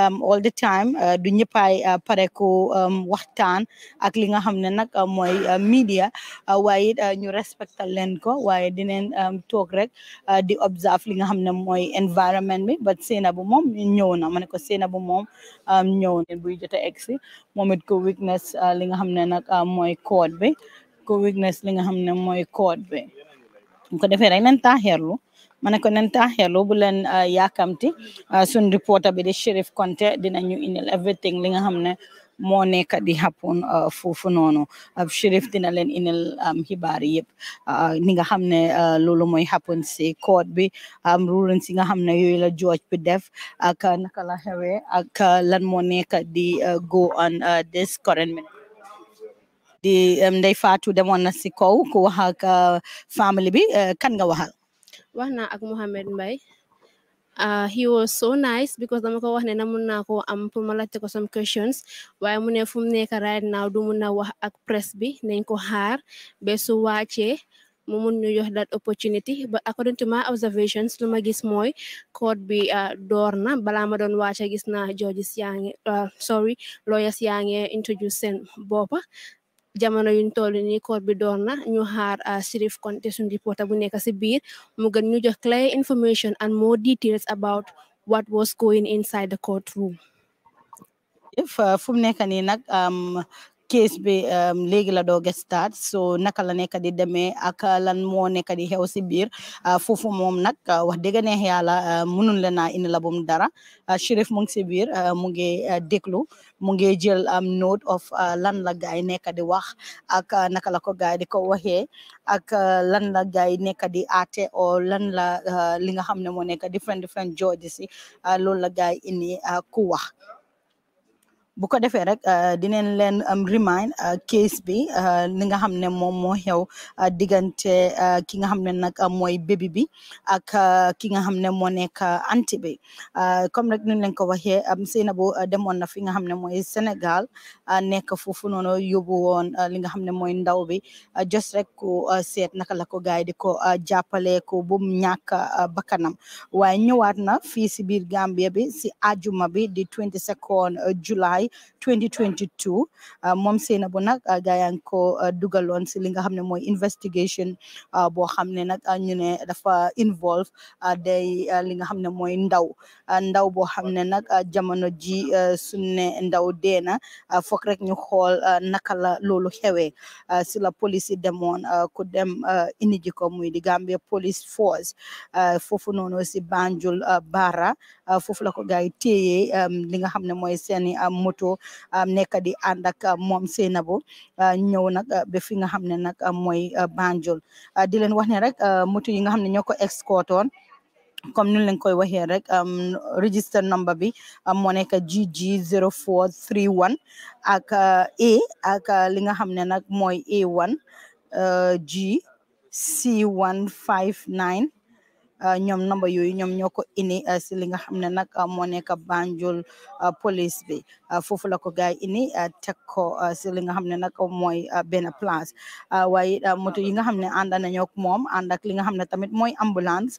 um, all the time du ñëppaay pare ku um, waxtaan ak li nga xam ne nag mooy media waaye ñu respectal leen ko waaye dineen um, toog rek di observe li nga xam ne mooy environment bi but seena bu moom ñëw na ma ne ko seena bu moom ñëw na buy jota egsi moom it ko weakness li nga xam ne nag mooy code bi ko weakness li nga xam ne mooy code bi bu ko defee rek nen taaxeerlu ma ne ko nen taaxeelu bu leen ah, yaakamti ah, sun reporter bi de Sheriff Konte dinañu indil everything li nga xam ne moo nekk di happen ah, foofu noonu Sheriff dina leen indil xibaar yëpp ni nga xam ne loolu mooy happen si court bi am ruling si nga xam ne yooyu la judge bi def ak naka la xewee ak lan moo nekk di go on this current minute di Ndeye Fatou demoon na si kaw ku wax ak family bi kan nga waxal wax naa ak Mouhamed Mbye ah, he was so nice because dama ko wax ne na mun naa ko am pour ma laajte ko some questions waaye mu ne fu mu nekk right now du mun a wax ak presse bi nañ ko xaar ba su wàccee mu mun ñu jox that opportunity but according to my observations lu ma gis mooy court bi ah, door na balaa ma doon wàcce gis na judges yaa ngi ah, sorry lawyers yaa ngi introduce seen boppa jamono yuñ toll ni koor bi door na ñu xaar Sirif ah, Konte suñ reporter bu nekk si biir mu gën ñu jox clear information and more details about what was going inside the courtroom. if ah, fu mu nekk case bi um, léegi la doog start so naka la nekk di demee ak lan moo nekk di xew si biir uh, foofu moom nag uh, wax dëgg neex yàlla uh, mënun la naa indi la bum dara Sheriff mu ngi si biir mu ngi déglu mu ngi jël am um, note of lan la gaay nekk di wax ak naka la ko gaay di ko waxee ak lan la gaay nekk di aate o lan la li nga xam ne moo nekk different different judges si loolu la gaay indi ku wax bu ko defee rek dinañ leen remind case bi li nga xam ne moom moo xew diggante uh, ki nga xam ne nag mooy bébi bi ak ki nga xam ne moo nekk anti bi comme rek nuñ leen ko waxee Sainabou demoon na fi nga xam ne mooy Sénégal nekk foofu noonu yóbbu woon li nga xam ne mooy ndaw bi uh, just rek ku uh, seet naka la ko gaay di ko jàppale ko bu mu ñàkk bakkanam waaye ñëwaat na fii si biir Gambia bi si ajuma bi di 22 July July 2022 uh, moom Sainabou nag uh, gaa yaa ngi ko uh, dugaloon si li nga xam ne mooy investigation boo xam ne nag ñu ne dafa involve day li nga xam ne mooy ndaw ndaw boo xam ne nag jamono ji suñ ne ndaw deena foog rek ñu xool naka la loolu xewee si la police yi demoon ku dem iniji ko muy di Gambia police force foofu noonu si Banjul Barra Euh, foofu la ko gars yi téye euh, li nga xam ne mooy seeni euh, moto nekk di ànd ak moom Sainabou ñëw nag ba fi nga xam ne nag mooy Banjul di leen wax ne rek moto yi nga xam ne ñoo ko exportoon comme ni leen koy waxee rek register number bi moo nekk GG 0431 ak A ak li nga xam ne nag mooy A1 G C159 Euh, ñoom namba yooyu ñoom ñoo ko indi euh, si li nga xam ne nag euh, moo nekk Banjul police bi Ah, foofu la ko gaay ini ah, teg ah, si li nga xam ne nag mooy benn place waaye moto yi nga xam ne ànd nañoo moom ànd ak li nga xam ne tamit mooy ambulance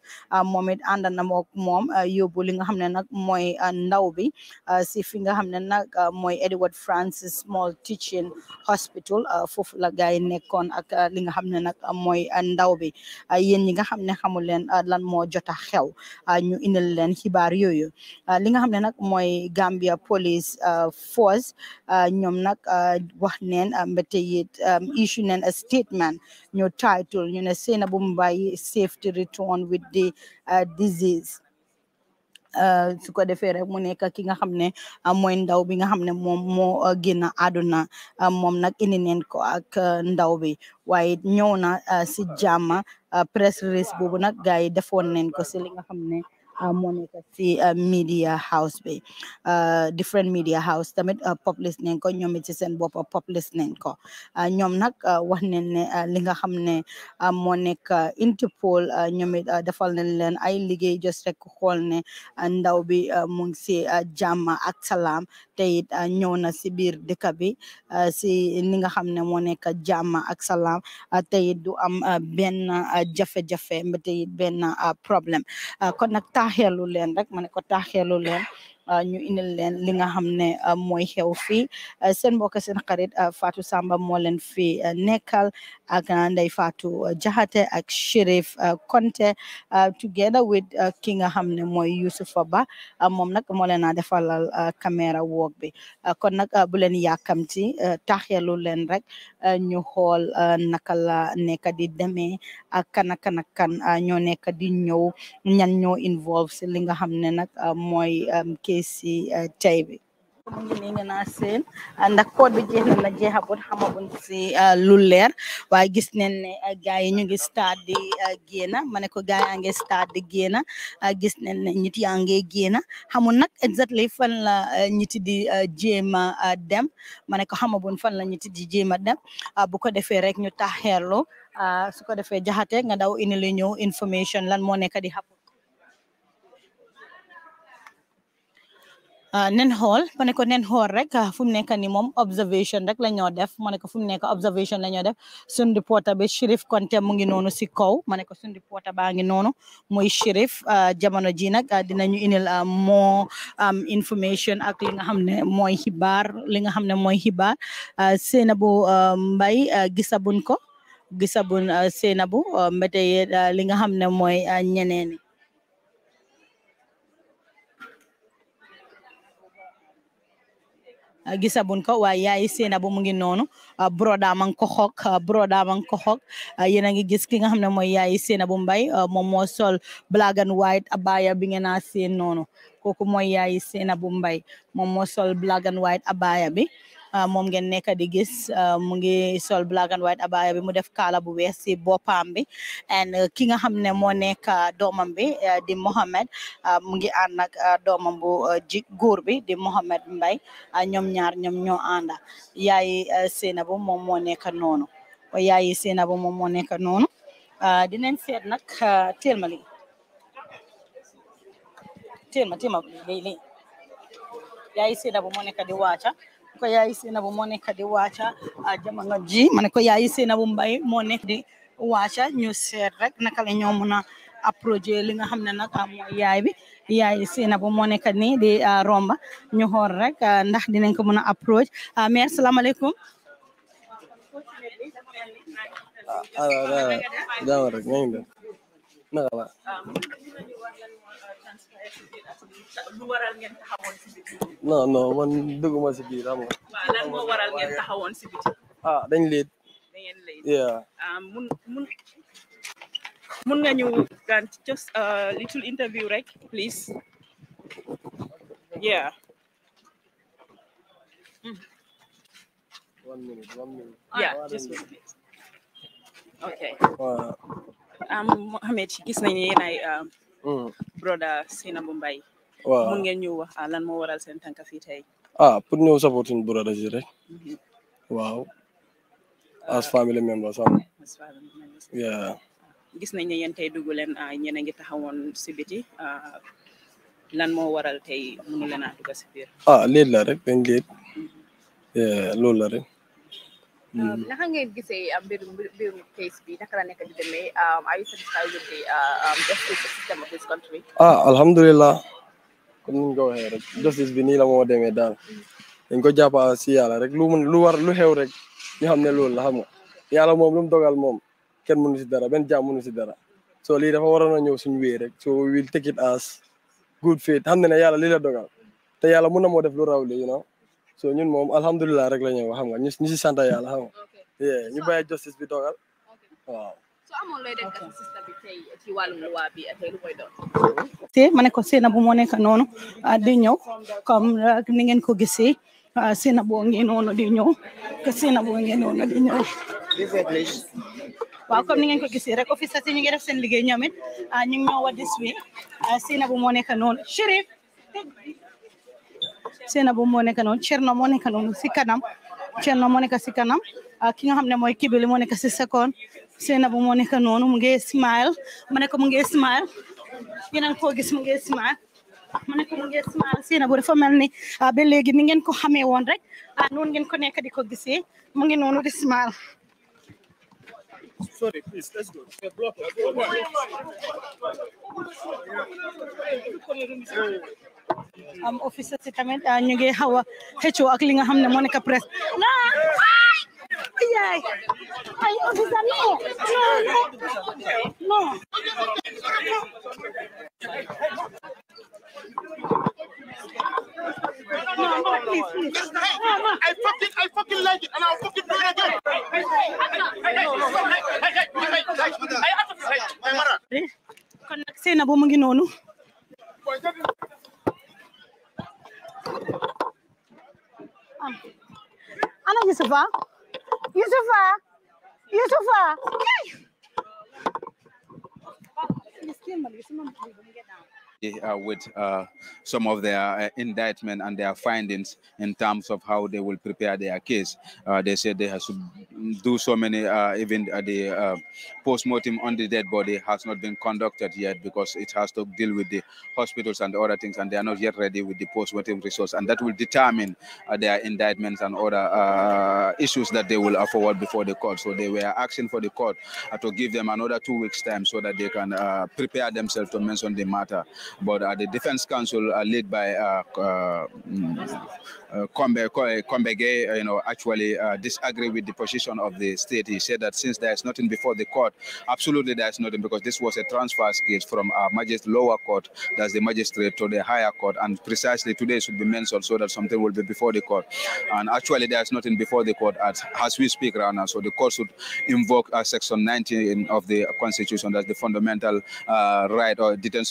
moom it ànd na mook moom yóbbu li nga xam ne nag mooy ndaw bi si fi nga xam ne nag mooy Edward Francis Small Teaching Hospital foofu la gaay nekkoon ak li nga xam ne nag mooy ndaw bi yéen yi nga xam ne xamul leen lan moo jot a xew ñu indil leen xibaar yooyu li nga xam ne nag mooy Gambia police Uh, force uh, ñoom nag uh, wax neen mbete yit um, issue neen a statement ñu title ñu ne Sainabou Mbye safety return with the disease su ko defee rek mu nekk ki nga xam ne mooy ndaw bi nga xam ne moom moo génn àdduna moom nag indi neen ko ak ndaw bi waaye ñëw na si jàmm press release boobu nag gars yi defoon neen ko si li nga xam ne harmonica si uh, media house bi uh, different media house tamit uh, publish nañ ko ñoom it ci seen bopp publish nañ ko ñoom nag wax nañ ne li nga xam ne moo nekk Interpol ñoom it defal nañ leen ay liggéey just rek xool ne ndaw bi mu ngi si jàmm ak salaam te it ñëw na si biir dëkk bi si li nga xam ne moo nekk jàmm ak salaam te it du am benn jafe-jafe te it benn problème kon nag taaxeelu leen rek ma ne ko taaxeelu leen ah, ñu indil leen li nga xam ne ah, mooy xew fii ah, seen mbokk seen xarit Fatou Samba moo leen fi nekkal Uh, uh, ak Ndeye Fatou Jaxate ak Sheriff uh, Konte together with ki nga xam ne mooy Youssoufa Ba moom nag moo leen a defalal caméra work bi kon nag bu leen yàkkamti taxelu leen rek ñu xool naka la nekk di demee ak kan ak kan ñoo nekk di ñëw ñan ñoo involve si li nga xam ne nag mooy kees um, si tey bi mu ngi nii ngeen a seen ndax koor bi jeex na jeexagut xamaguñ si ah, lu leer waaye gis nañ ne ah, gars yi ñu ngi start di ah, génna ma ne ko gars yaa ngi start di génna gis nañ ne ñit yaa ngi génna xamul nag exactly fan la ñiti di a dem ma ne ko xamaguñ fan la ñiti di jéema dem bu ko defee rek ñu tax taxeerlu su ko defee jaxate nga daw indi lu ñëw information lan moo nekk di Ah, nen xool ma ne ko nen xool rek ah, fu mu nekk ni moom observation rek la ñoo def ma ne ko fu mu nekk observation la ñoo def sun reporter bi Sheriff mu ngi noonu si kaw ma ne ko sun reporter baa ngi noonu mooy Sheriff ah, jamono ji nag dinañu indil moo um, information ak li nga xam ne mooy xibaar li nga xam ne mooy xibaar Sainabou mbay gisabuñ ko gisabuñ Sainabou mbete li nga xam ne mooy ñeneen Ah, gisabun ko waaye yaay Sainabou mu ngi noonu ah, broda ma ngi ko xoog ah, broda ma ngi ko xoog a ngi gis ki nga xam ne mooy yaay Sainabou Mbye moom moo sol black and white abaya bi ngeen a seen noonu kooku mooy yaay Sainabou Mbye moom moo sol black and white abaya bi Ah, mom gen ne kadi gis ah, mu ngi sol black and white abaya bi mu def kaala bu wees si boppaam bi and ah, ki nga xam ne moo nekk doomam bi di mohammed mu ngi ànd ak doomam bu ji góor bi di mohammed mbay ñoom ñaar ñoom ñoo ànda yaayi séena bu moom moo nekk noonu yaayi séena bu moom moo nekk noonu dinañ seet nag téelma li téelma téelma li li yaayi séena bu moo nekk di waaca ko yaay Seynabou moo nekk di waaca ah, jamono ji ma ne ko yaay Seynabou Mbye moo nekk di waaca ñu seet rek naka la ñoo mën a approche li nga xam ne nag ah, mooy yaay bi yaay Seynabou moo nekk ni di ah, romba ñu xool rek ndax dinañ ko mën a approche mère salaamaaleykum rek lu waral ngeen taxawoon si biti. non man dëgguma si biir xam nga. ngeen taxawoon si biti. dañ leet. da ngeen leet. yeah. Ah, mun mun mun nga ñu just a ah, interview rek please. yeah. one minute one minute. Ah, yeah just one minute. ok. Mohamed gis nañu yéen Mm. broda Sina bu waaw mun ngeen ñu wax lan waral seen tànk fii ah pour ñëw support suñu broda si rek mhm. waaw ah. as family members am yeah gis nañ ne yéen tey dugg leen ah, ngi taxawoon si biti ah, lan waral tey mënu leen a dugg ah léet la rek dañ léet mhm. loolu la rek naka um, mm-hmm. ngeen gisee mbirum um, mbirum case bi naka la nekk di demee ah alhamdulilah comme ni ñu ko waxee rek justice bi nii la moo demee daal mm-hmm. dañ ko jàpp si yàlla rek lu mun lu war lu xew rek ñu xam ne loolu la xam nga yàlla moom lu dogal moom kenn mënu si dara benn jaam mënu si dara so lii dafa waroon a ñëw suñu wéy rek so we will take it as good faith xam ne ne yàlla li la dogal te yàlla mun na moo def lu raw li you soo ñun moom alhamdulilah rek la ñuy wax nga ñu si sant yàlla xam nga. ñu bàyyi justice bi dogal waaw. te ma ne ko Sainabou moo nekk noonu ah, di ñëw comme ah, ni ngeen ko gisee ah, Sainabou ngi noonu di ñëw que Sainabou ngi noonu di ñëw. waaw comme ni ngeen ko gisee rek office si ñu ngi def seen liggéey ñoom it ñu ngi ñëw wa this way Sainabou moo nekk noonu Chérif. Sainabou moo nekk noonu Cerno moo nekk noonu si kanam Cerno ne nekk si kanam ah, ki nga xam ne mooy Kibili moo nekk si seconde Sainabou moo nekk noonu mu ngi smile ma ne ko mu ngi smile yeneen koo gis mu ngi smile ma ne ko mu ngi smile Sainabou dafa mel ni ah, ba léegi ni ngeen ko xamee woon rek ah noonu ngeen ko nekk di ko gisee mu ngi noonu di smile. Sorry, am officers yi tamit ah, ñu ngi xaw a ak li nga xam ne moo nekk presse yaay ay officer non non No, no, please, please. na bu mu ngi noonu. 啊！俺那你师傅，你师傅，你师傅。uh, with uh, some of their uh, indictment and their findings in terms of how they will prepare their case. Uh, they said they have to do so many, uh, even the post-mortem on the dead body has not been conducted yet because it has to deal with the hospitals and other things, and they are not yet ready with the post-mortem results, and that will determine their indictments and other issues that they will forward before the court. So they were asking for the court to give them another two weeks' time so that they can prepare themselves to mention the matter but uh, the Defense Council, uh, led by uh, uh, mm, uh, uh, uh you know, actually disagree with the position of the state. He said that since there is nothing before the court, absolutely there is nothing because this was a transfer case from a magistrate lower court, that's the magistrate, to the higher court, and precisely today should be mentioned so that something will be before the court. And actually there is nothing before the court as we speak right now. So the court should invoke Section 19 of the Constitution, that's the fundamental right or detention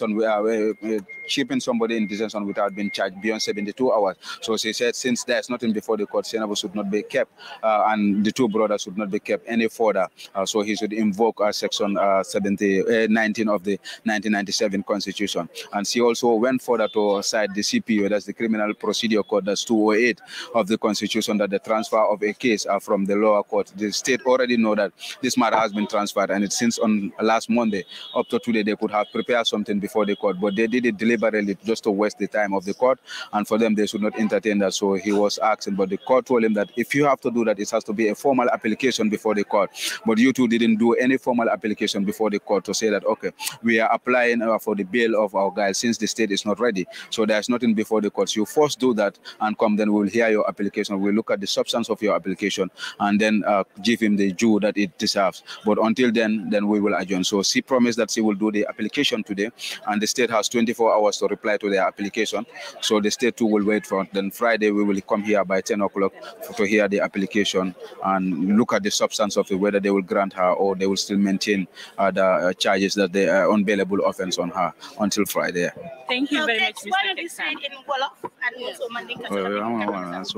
it, it, shipping somebody in detention without being charged beyond 72 hours. So she said since there's nothing before the court, Senabu should not be kept uh, and the two brothers should not be kept any further. Uh, so he should invoke uh, section uh, 70, uh, 19 of the 1997 constitution. And she also went further to cite the CPO, that's the Criminal Procedure Code, that's 208 of the constitution that the transfer of a case uh, from the lower court. The state already know that this matter has been transferred and it since on last Monday up to today they could have prepared something before the court, but they did it deliberately deliberately just to waste the time of the court. And for them, they should not entertain that. So he was asking, but the court told him that if you have to do that, it has to be a formal application before the court. But you two didn't do any formal application before the court to say that, okay, we are applying uh, for the bail of our guy since the state is not ready. So there's nothing before the courts. You first do that and come, then we'll hear your application. We'll look at the substance of your application and then uh, give him the due that it deserves. But until then, then we will adjourn. So she promised that she will do the application today and the state has 24 hours hours to reply to their application. So the state too will wait for. Then Friday we will come here by 10 o'clock to hear the application and look at the substance of it, whether they will grant her or they will still maintain uh, the uh, charges that they are uh, unbailable offense on her until Friday. Thank you very much, Mr.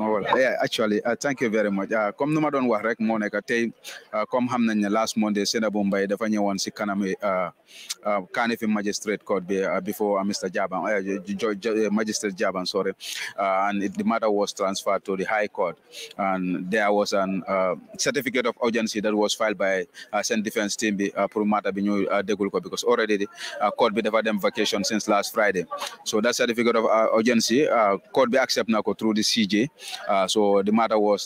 Oh, yeah, actually, uh, thank you very much. Uh, comme nu ma doon wax rek moo uh, Come, tey comme xam nañ ne last Monday Sainabou Mbye the ñëwoon si kanam kaani fi magistrate court bi before Mr. Jaban, uh, Judge, uh, Magistrate Jaban, sorry, uh, and it, the matter was transferred to the High Court. And there was a uh, certificate of urgency that was filed by uh, Saint Defense Team Purumata Binu Degulko because already the uh, court be never them vacation since last Friday. So that certificate of uh, urgency uh, court be accepted now through the CJ. so the matter was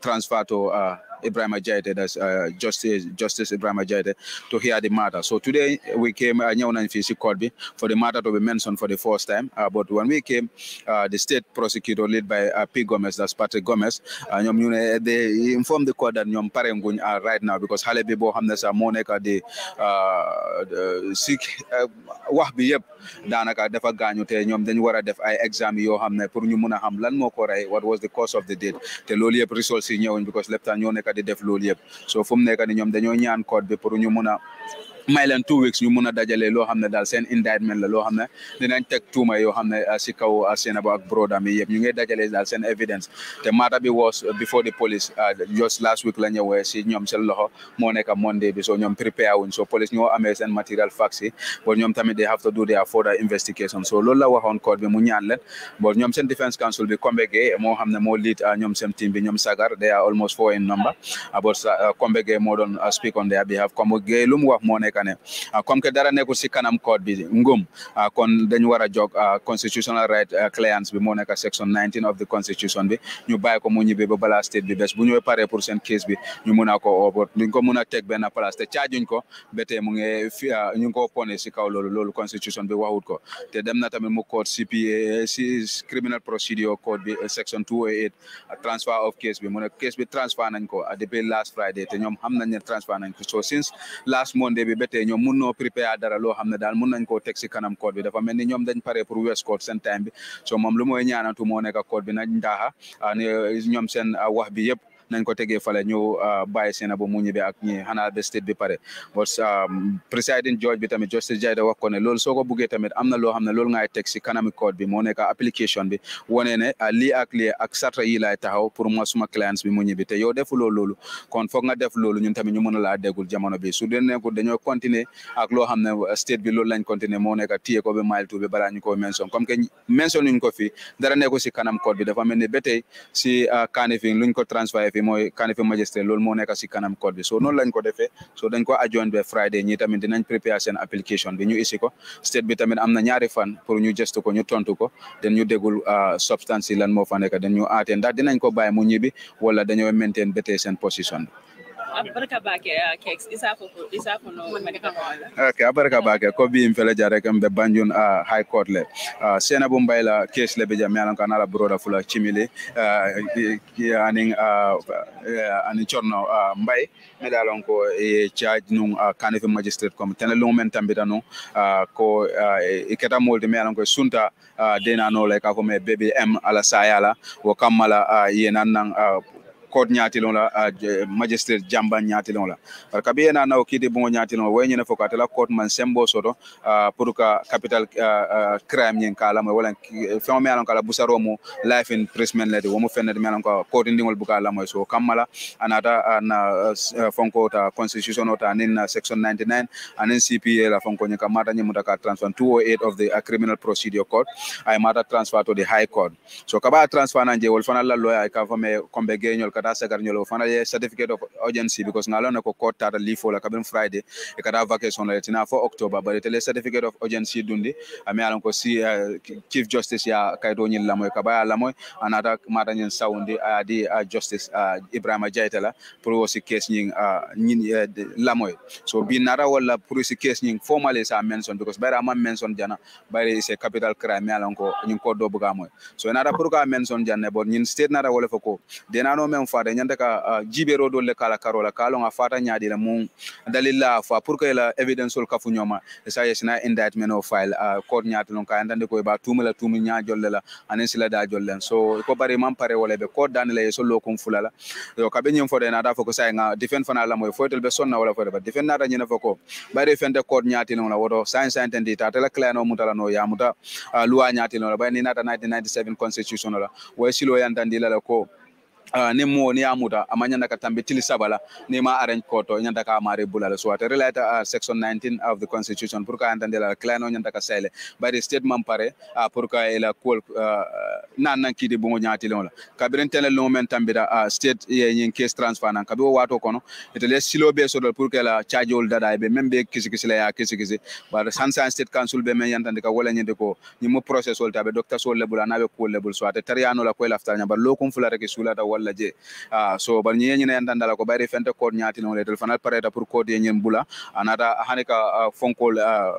transferred to. Ibrahim Ajaide, that's uh, Justice Justice Ibrahim to hear the matter. So today we came, uh, Nyauna Nfisi Kolbi, for the matter to be mentioned for the first time. Uh, but when we came, uh, the state prosecutor led by uh, P. Gomez, that's Patrick Gomez, uh, uh they informed the court that Nyom are right now because Hale Bibo Hamnes are Moneka, the uh, Sikh, uh, wax bi yëpp daanaka dafa then you were dañu war I def your exam put xam ne pour ñu what was the cause of the death The loolu yëpp senior because leptaan ñoo di def loolu yëpp so fu mu nekk ni ñoom dañoo ñaan code bi pour ñu mun a may and two weeks ñu mun a dajale loo xam ne daal seen indictment la lo xam ne dinañ teg tuuma yoo xam ne uh, si kaw uh, Sainabou ak broda mi yëpp ñu ngi dajale seen evidence te maata bi was uh, before the police just last week la ñëwee si ñoom seen loxo moo nekk Monday bi so ñoom prepare wuñ so police ñoo amee seen material facts yi bo tamit they have to do their further investigation so loolu la waxoon court bi mu ñaan leen bo ñoom seen defense counsel bi Kombege moo xam ne moo lead ñoom seen team bi ñoom Sagar they are almost four in number about Kombege moo doon speak on their behalf Kombege lu mu wax moo nekk ne ah, comme que dara nekkul si kanam code bi ngum ah, kon dañu war a jóg ah, constitutional right clients bi moo nekk section 19 of the constitution bi ñu bàyyi ko mu ñibbi ba balaa state bi bés bu ñëwee paree pour seen case bi ñu mun a ko oo duñ ko mun a teg benn place te caajuñ ko ba tey mu ngi fi ñu ngi ko pone si kaw loolu loolu constitution bi waxut ko te dem na tamit mu code CPA si criminal procedure code bi section 208 transfer of case bi mu ne case bi transfer ko depuis last te ñoom xam nañ ne transfer ba tey ñoom mun noo préparer dara loo xam ne daal mun nañ ko teg si kanam code bi dafa mel ni ñoom dañ pare pour West Coast seen time bi so moom lu mooy ñaanatu moo nekk code bi nag ndaaxa ah, ñoom seen ah, wax bi yëpp nañ ko tegee fale ñëw euh, bàyyi seen bu mu ñibbi ak ñi xanaa ba state bi pare but euh, presiding judge bi tamit justice Jaida wax ko ne loolu soo ko buggee tamit am na loo xam ne loolu ngay teg si kanami code bi moo ne euh, lii ak lii bi a laa déggul jamono bi su dee nekkul dañoo mile two bi balaa ñu ko mention ko fi dara nekkul si kanam code bi dafa mel ni ba tey si Kanifing luñ ko transféré fi bi mooy Kanifing Magistrate loolu moo nekk si kanam code bi so noonu lañ ko defee so dañ ko adjoint ba Friday ñi tamit dinañ prepare seen application bi ñu isi ko state bi tamit am na ñaari fan pour ñu gëstu ko ñu tontu ko den ñu dégul uh, substance yi lan moo fa nekk dañ ñu aatee ndax dinañ ko bàyyi mu ñibbi wala dañoo maintain ba tey seen position bi abarka bake okay bake ko bi im fele jare kam be banjun a uh, high court le uh, sena bu mbayla case le be jam an kana broda fula chimile uh, anin anin chorno mbay me dalon ko e charge nun kanife magistrate comme tena lu men tambita no ko e keta molde me ko sunta dena no le ka ko me bebe m ala sayala wo kamala yenan nan kod ñatilon la uh, magistrate jamba ñatilon la par ka bien na okiti bon ñatilon way ñene foka tala kod man sembo soto pour ka capital crime ñen kala mo wala fem me alon kala busaro mo life in prison lede wo mo fenede me alon ka kod ndingol buka la mo so kamala anata na fonko ta constitution ta nin section 99 anin CPA la fonko ñen ka mata ñen mutaka transfer 208 of the uh, criminal procedure code ay mata transfer to the high court so kaba transfer nanje wol fana la lawyer ka fame kombe geñol kata sakar nyolo fana ye certificate of urgency because ngalo na ko court tata lifo la kabin friday e kata vacation la tina for october but tele certificate of urgency dundi ame alon ko si uh, chief justice ya kayto nyil la moy kabaya la moy anata mata nyen saundi uh, eh, di uh, eh, justice uh, ibrahima jaitala pour wosi case nyin uh, nyin uh, la moy so bi nara wala pour si case nyin formally sa mention because bayra ma mention jana bayra is a capital crime alon ko nyin ko do moy so nara pour ka mention janne bon nyin state nara wala fo ko denano men fada nyande ka uh, jibero dol le kala karola kala nga fata nyadi la mun dalila fa pour que la evidence ol kafu nyoma sa yesna indictment of file uh, court nyaati non ka andande ko e ba tumula tumi nya jolle la anen sila da jolle so ko bare man pare wala be court dan le so lokum fulala yo ka be nyim fodo na da fo ko sa e nga defend fana la moy fotel be sonna wala fotel ba defend na da nyina fo ko bare fende court nyati non la wodo science intendi ta tele clair no mutala no ya muta uh, luwa nyati non la ba ni na 1997 constitution la way e silo yandandila la ko Uh, ni mo ni amuta ama nyanda ka tambi tili sabala ni ma arrange koto nyanda ka mare bulala so at relate uh, section 19 of the constitution pour ka andande la clano nyanda ka sele by the statement pare uh, ah, pour ka ila kol uh, nan nan kidi bungo nyati lon la kabiren tele lo men tambira uh, state ye nyin case transfer nan kabi wato kono itele silo be so dol pour ka la charge dada be même be kisi la ya kisi kisi bar san san state council be men yantande ka wala nyinde ko ni process ol tabe docteur so lebul anabe ko lebul so at tariano la ko laftar nya bar lokum fulare ke sulata la je uh, so bar nyi nyina yanda ndala ko bayre fente ko nyaati no letel fanal pareta pour ko de nyen bula anata ah, hanika uh, ah, fonkol uh,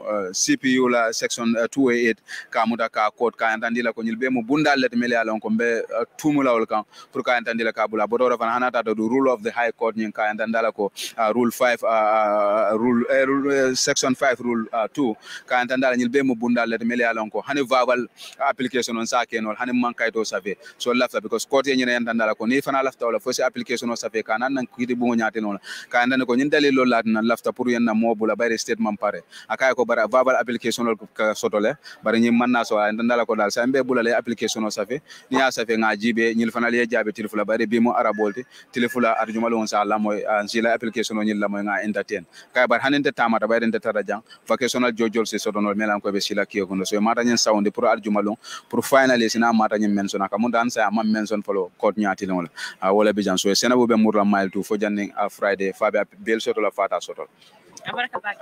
uh, CPU la section uh, 288 ka muda ka code ka yandandila ko nyilbe mo bundal let mele ala ko be uh, tumula wol kan pour ka yandandila ka bula bodoro fan hanata do rule of the high court nyen ka yandandala ko uh, rule 5 uh, rule, uh, rule uh, section 5 rule uh, ka yandandala nyilbe mo bundal let mele ala ko hani verbal application on sa kenol hani mankay do save so lafta because court yen ñina yantanda la ko ni fana lafta wala fo application o safe kana nan kiti bungo ñate nola ka andane ko ñin dalil lol latina lafta pour yenna mo bula statement pare akay ko bara verbal application lol ka sotole bara ñi manna so andanda la ko dal sa mbe bula application o safe ni ya safe nga jibe ñil fana le jabe tilfula bare bi mo arabolte tilfula arjuma lon sa la moy an si application o ñil la moy nga entertain kay bar hanente tamata bayre nte tara vocational jojol se sotonol melan ko be sila kiyo kono so mata ñen sawndi pour arjuma lon pour finaliser na mata ñen men sona dan sa am men follow kot ñaatileŋo la a ah, wo la so senabo be murla mail tu fo janniŋ a ah, friday fa be a soto la fata soto I'm gonna come back.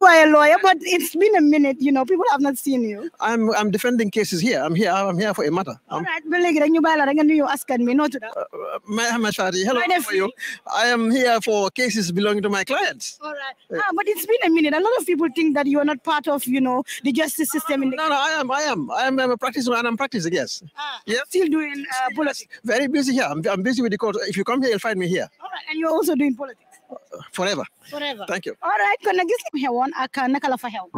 you are a lawyer, but it's been a minute. You know, people have not seen you. I'm I'm defending cases here. I'm here. I'm here for a matter. I'm, All right, believe then you buy that. you asking me not to hello. How are you? I am here for cases belonging to my clients. All right. Ah, but it's been a minute. A lot of people think that you are not part of, you know, the justice system. In the no, no, I am. I am. I am. I'm a practicing, and I'm practicing. Yes. Ah, yeah. Still doing uh, politics. Very busy here. I'm, I'm busy with the court. If you come here, you'll find me here. All right, and you're also doing politics. forever. Forever. Thank you. All right, kona gislim hewan aka nakala fa hew.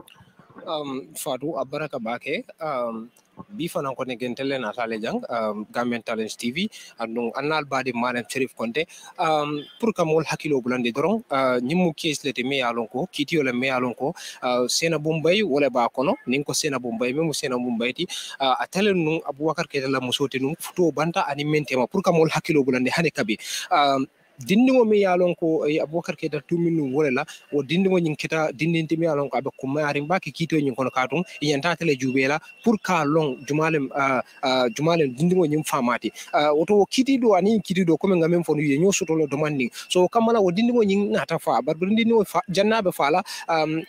Um, Fatou Abaraka Bake, um, bifa nan ko ne gentele na tale jang um, Gambian Talents TV andung annal badi manem Sherif konté um, pour kam wol hakilo bulande doron uh, nyimmu case lete me yalon ko kiti wala me yalon ko uh, sena bombay wala ba kono nin ko sena bombay memu sena bombay ti uh, atale nun Abubakar Keita la musoti nun futo banta ani pour kam wol hakilo bulande hane kabi um, dindiŋo miŋ ye a loŋ ko eh, aboubacar keita tumin nuŋ wo la wo dindiŋo ñiŋ kita dindinti miŋ ye a loŋ ko a be kummayaariŋ baa ke kiitoo ñiŋ kono kaatuŋ ñanta tele le la pour ka long loŋ juma lem ah, ah, juma lem dindiŋo ñiŋ faamaati ah, woto wo kiiti do ani kiti do comme nga min fo ye ñoo soto lo domandiŋ so kamala wo dindiŋo ñiŋ naata fa bari dindiŋo janna be faa la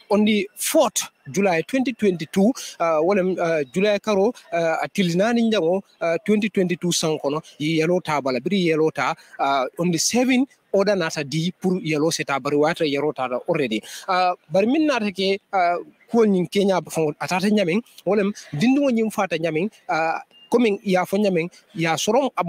on di fort july 2022 uh, walem uh, july karo uh, tilinani njango uh, 2022 sankono yelo ta bala biri yelo ta uh, on the 7 oda nata di pour yelo seta bari wata yelo ta already uh, bari min nata ke uh, kuol nyin kenya ba atata nyamin walem dindungo nyin fata nyamin uh, komi ya fonya ya soro ah,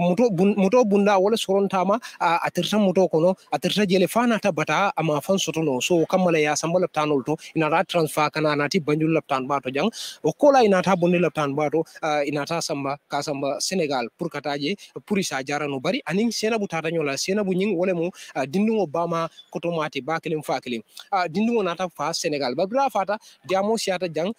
moto bunda wala sorontama a ah, tirta moto kono a tirta jele fana bata ama fan sotono so kammala ya samba laptanol to ina ra kana nati banjul laptan bato jang o kola ina bonde laptan bato ah, ina samba ka samba senegal pour kataje pour sa jarano bari anin senabu tata senabu nying wala mu dindingo bama koto mati bakelim fakelim dindingo nata fa senegal babra fata diamo siata jang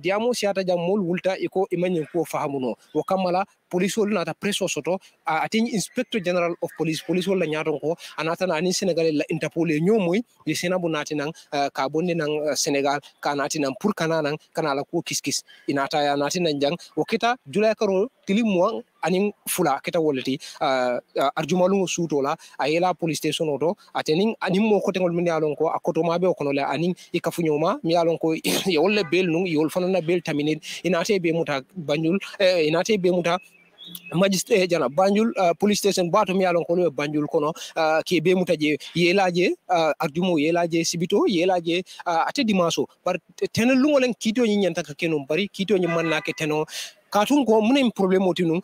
diamo siata jang mol wulta iko imanyen ko fahamuno Come, kammala polisol nata presso soto a atteñi inspecteur general of police polisol la ñaton ko anatan ani sénégalais la interpol e ñomoy ye senabu nati nan uh, ka bonde nan uh, sénégal ka nati nan pour kana nan kana la ko kiskis inata ya nati nan jang o kita julay karo tilimwa anin fula keta wolleti uh, uh, arjumalungo suuto la a yela police station o atenin anin mo kotegol min yalon ko a kotoma o kono le anin i kafuñoma mi yalon ko ye wolle bel nun yol fanana bel taminin inate be muta bañul eh, inate be muta magistrat jana banjul uh, police station bato mi yalon kono banjul kono uh, ke be mutaje yelaje uh, ardumo yelaje sibito yelaje uh, ate dimaso par tenen lungolen kito nyi nyanta ka kenon bari kito nyi manna ke teno katun ko munen problème otinu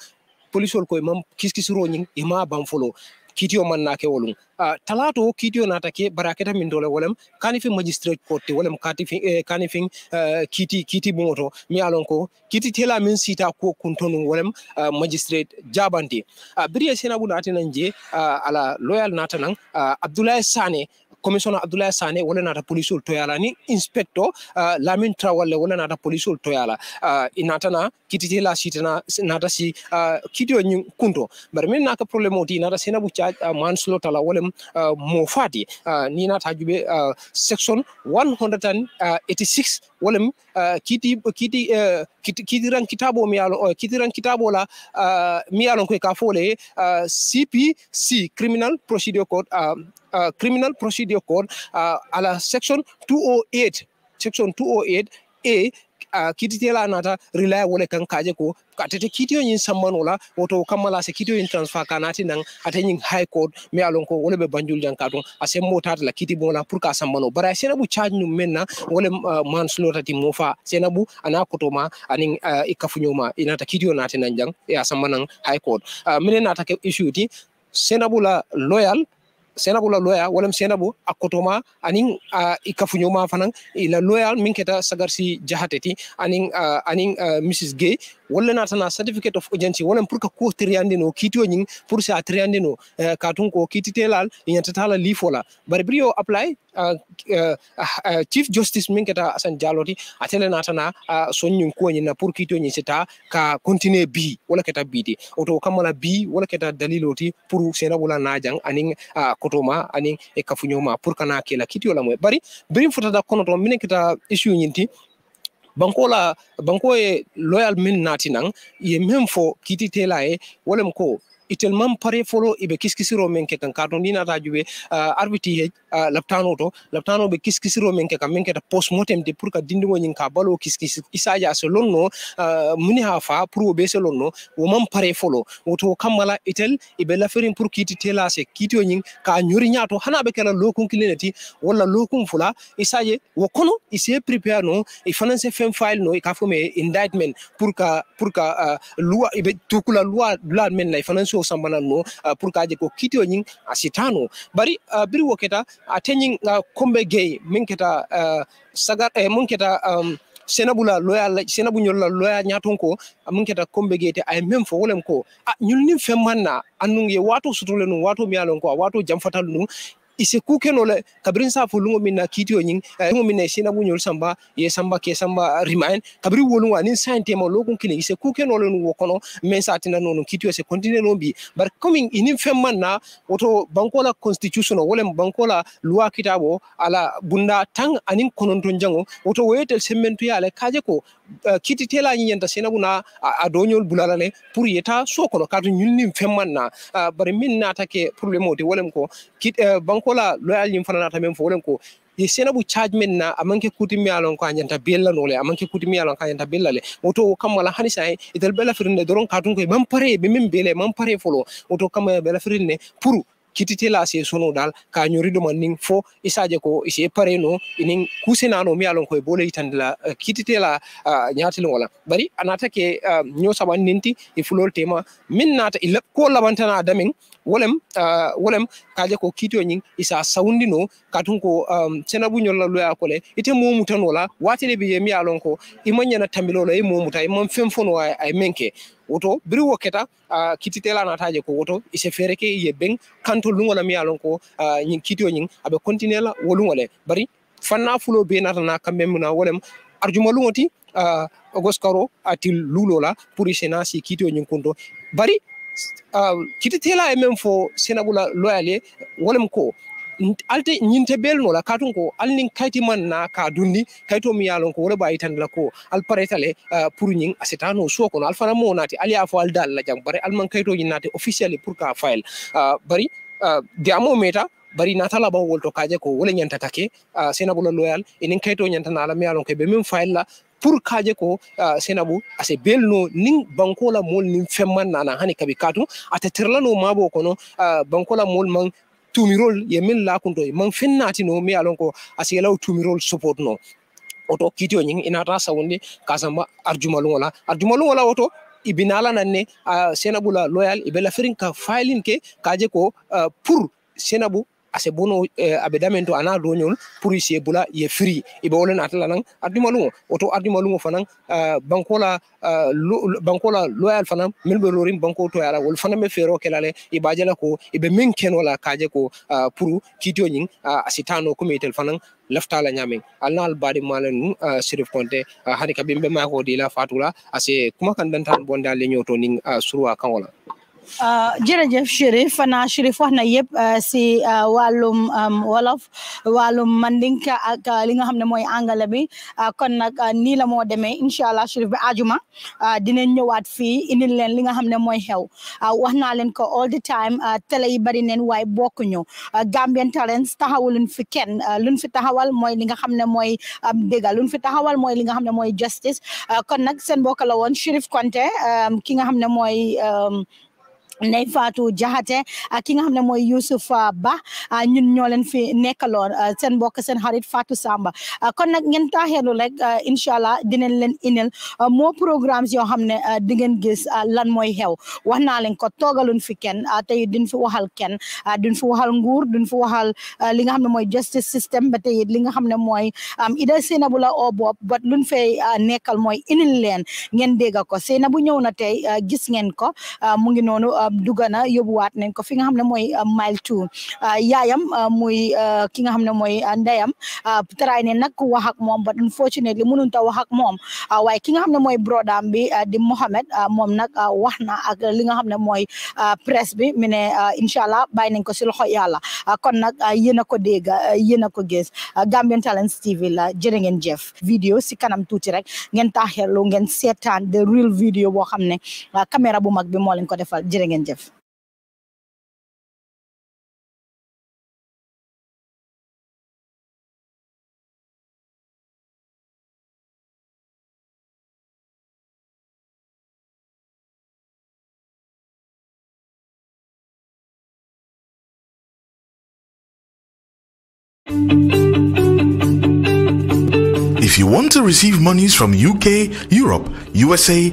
police ko mam kiskisiro nyi e ma ban folo kitiyo man nake wolum uh, ah, talato kitiyo nata ke baraketa min dole wolem kani fi magistrate court wolem kati eh, kani uh, eh, kiti kiti bumoto mi alon ko kiti tela min sita ko kuntonu wolem uh, magistrate jabandi uh, ah, briya sina bu nati nanje uh, ala loyal nata nan uh, abdoulaye sane commissioner abdoulaye sane wala nata policeol toyala ni inspecto uh, lamin trawalle wala nata policeol toyala uh, inatana kitite la sitana nata si uh, kitio nyin kunto bar min naka problème oti nata senabu cha uh, manslo tala wala uh, mo uh, ni nata jube uh, section 186 wala uh, kiti kiti uh, kiti kitiran kitabo mi yalo uh, kitiran kitabo la uh, mi yalo ko ka fole uh, CPC criminal procedure code uh, uh, Criminal Procedure Code uh, ala section 208 section 208 a uh, kititela nata rely wole kan kaje ko atete kitiyo nyin sammano la woto kammala se kitiyo nyin transfer kanati nan ate nyin high court me alon ko wole be banjul jan kadon ase motata la kiti bona pour ka sammano bara sena bu charge num menna wole uh, man slota ti mofa sena bu ana koto ma anin uh, ikafunyo ma inata kitiyo nati nan jang ya sammanan high court uh, mine nata ke issue ti sena bu la loyal senabu la loya walam senabu akotoma anin uh, ikafunyoma fanan ila loya min keta sagarsi jahateti anin uh, anin uh, mrs gay wala na tana certificate of urgency eh, wala pour ka ko triande no kiti onin pour sa triande no uh, katun ko kititelal telal inyata lifola bari brio apply Uh, uh, uh, chief justice min keta asan jaloti atele so soñin kuwañin na pour kitoñin sita ka continue bi wala keta biti oto kamala bi wala keta daliloti pour senabula najang anin kotoma anin e kafuñoma pour kana kela kitiyola moy bari birin futata da konoto minen keta issue ñinti banko la banko e loyal min nati nan ye même fo kititela e wolem ko itelman pare folo ibe kiskisiro men kan kato ni nataju be uh, arbiti he uh, laptano to laptano be kiskisiro men kan men ke ta post mortem de pour ka dindi wonin ka balo kiskis isaja so lonno uh, muni ha fa pour be so lonno wo man pare folo woto kamala itel ibe la ferin pour kiti tela se kiti wonin ka nyori nyato hana be kala lokun kilinati wala lokun fula isaje wo kono ise prepare no e finance fem file no e ka fo indictment pour ka pour ka uh, loi ibe tukula loi loi men la finance o sambananno uh, pour ko kiti o ñing asitano uh, bari uh, biri wo keta ateñing kombe gay min keta sagar e eh, mun keta um, senabula loya senabu ñolla loya ñaton ko mun kombe geyte ay mem fo wolem ko a ñul nin femmanna annung ye wato sutule num wato miyalon ko a wato jamfatal num isi ku ke no le kabrin sa fu lungo minna kiti o nyin lungo eh, minna bunyol samba ye samba ke samba remain kabri wolun wa nin mo logun kini isi ku ke no le wo kono men sa tina no kiti o se continue no bi bar coming in fem man na woto bankola constitution wala bankola luwa kitabo ala bunda tang anin konon ton jango woto wetel semmentu ya ala kaje ko Eh, kiti tela ñanta sena kuna a doñol bulala pour yeta so kono kaatu ñulni femman na eh, bari min naata ke problème o te wolem ko kit eh, bankola loyal ñim fana naata men fo wolem ko ye senabu charge men na amanke kuti mi alon ko anyanta bella no le amanke kuti mi alon ko anyanta bella le woto kam wala hani sai itel bella firinde doron katun ko mam pare be min bele mam pare folo woto kam bella firinde pour kittitela se sono dal ka nyorido man nin fo isaje ko ise pareno inin kusinano mi alon koye bole yitandela uh, eh, kittitela uh, eh, nyatelen wala bari anata ke uh, eh, nyo saban ninti e fulol tema min nata ila e ko labantana damin wolem uh, wolem kaje ko kitiyo nyin isa sawundino katun ko um, senabu nyolla loya kole ite momutan wala watele biye mi alon ko imanyana tambilolo e momuta e imam e femfono ay menke woto biri wo keta uh, kititela nataje ko woto ise fereke ye ben kanto lungola mi lon ko uh, nyin kitiyo nyin abe continue la wolungole bari fanna fulo be nata na kambe muna wolem arjuma lungoti uh, goskaro ati lulo la pour ise na si kitiyo nyin kundo bari uh, kititela e men fo senabula loyale wolem ko alte ñinte bel no la katun ko alnin kayti man na ka dunni kayto mi yalon ko wala bayi la ko al paretale uh, pour ñing asetano so ko al fana mo nati ali afo al dal la jang bare al man kayto nati officially pour ka file uh, bari uh, di amo meta bari natala ba wolto kaje ko wala ñanta kake uh, senabula loyal enen kayto ñanta na la mi yalon ko be min file la pour kaje ko uh, senabu ase belno nin bankola mol nin femman nana hani kabi katu ate terlano mabo kono uh, bankola mol man tumirol ye min lakunto e man finnatino mi alon ko asilaw tumirol support no oto kitiyo ñing inata sawunde kasamba arjumalungola arjumalungola oto ibinala nanne uh, senabula loyal ibela ferin ka filing ke kaje ko uh, pour senabu ase bono eh, abe damen to ana bula ye firi ibe wolen atala nan ardimalungo oto ardimalungo fanan eh, bankola eh, bankola loyal fanan min be banko to yala wol fanan be fero kelale ibaje ko ibe min kenola kaje ko eh, pour kitio nyin uh, asitano kumetel fanan laftala ñamin alna albadi mala nu uh, sirif konte uh, hani kabimbe mako dila fatula ase kuma kan dantan bonda leñoto nin uh, surwa kan wala Euh, jërëjëf Chérif fana Chérif wax na yëpp euh, si euh, wàllum wolof wàllum mandinka ak li nga xam ne mooy angale bi kon nag nii la moo demee incha allah Chérif ba ajuma dinañ ñëwaat fii indil leen li nga xam ne mooy xew wax naa leen ko all the time télé yi bari neen waaye bokkuñu Gambian Talents taxawu luñ fi kenn luñ fi taxawal mooy li nga xam ne mooy dëgg luñ fi taxawal mooy li nga xam ne mooy justice kon nag seen mbokk la woon Chérif Konte ki nga xam ne mooy Ndeye Fatou Jaxate ki nga xam ne mooy Youssouf ah, Ba ah, ñun ñoo leen fi nekkaloon ah, seen mbokk seen xarit Fatou Samba kon nag ngeen taaxeelu rek incha allah dinañ leen inel moo programmes yoo xam ne di ngeen gis lan mooy xew wax naa leen ko toogaluñ fi kenn tey duñ fi waxal kenn duñ fi waxal nguur duñ fi waxal li nga xam ne mooy justice system ba tey li nga xam ne mooy Ida Seynabou la oo bopp bat luñ fay nekkal mooy inil leen ngeen dégg ko Seynabou ñëw na tey gis ngeen ko mu ngi Euh, dugg na yóbbuwaat nañ ko fi nga xam ne mooy euh, mile euh, two yaayam muy ki nga xam ne mooy ndeyam taraay ne nag wax ak moom but unfortunately mënuñ ta wax ak moom waaye ki nga xam ne mooy brodaam bi di Mohamed moom nag wax na ak li nga xam ne mooy presse bi mu ne incha allah bàyyi nañ ko si loxo yàlla kon nag yéen a ko dégg yéen a ko gis Gambian Talents TV la jërë ngeen jëf vidéo si kanam tuuti rek ngeen taaxeelu ngeen seetaan the real video boo xam ne caméra bu mag bi moo ko defal jërë Jeff. If you want to receive monies from UK, Europe, USA,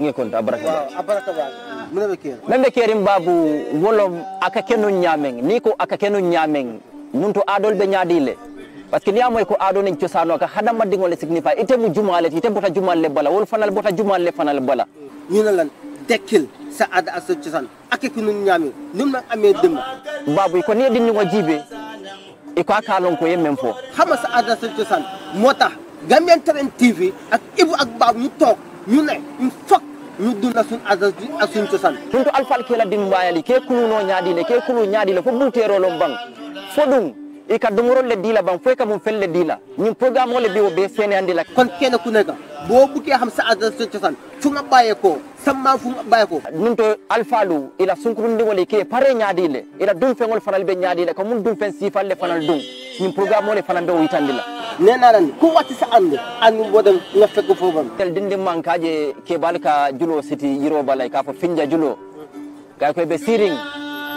ngekon da baraka be ba mbe kere mbe kere babu wolom aka kenu nyameng ni ko aka kenu nyameng nunto adol be le parce que ni amoy ko aado nañ cosano ka hada ma dingole signifa ite mu jumaale ite bota jumaale bala wol fanal bota jumaale fanal bala ñu ne lan dekil sa ada aso cosan ake ko nun ñami num nak amé dem babu ko ni dinni ko jibe e ko aka lon ko yemem fo xama sa ada asa cosan motax gambian tren tv ak ibu ak babu ñu tok ñu ne fak min dunna sun asasdi asun cosan ɗum to alfal kela dimbaya li ke kuluno ñaadile ke kulu ñaadile fof ɓuuterolon ban fo ɗum i ka domorolle dila ban foy ka mum le dila ñin programme ole bi o be sene andi la kon kene kunega bo buke ham sa adres to cosan funga baye ko samma funga baye ko nun to alfalu ila sunkurundigol ke pare ñaadile ila dum fengol fanal be ñaadile ko mun dum fen sifalle fanal dum ñin programme ole fanal be o yitandila nenarani ku watti sa ande andu woɗon ngafteggo fofam tel dindi mankaje kebal ka julo siti yiro balay ka fo finja julo gay koy ɓe siring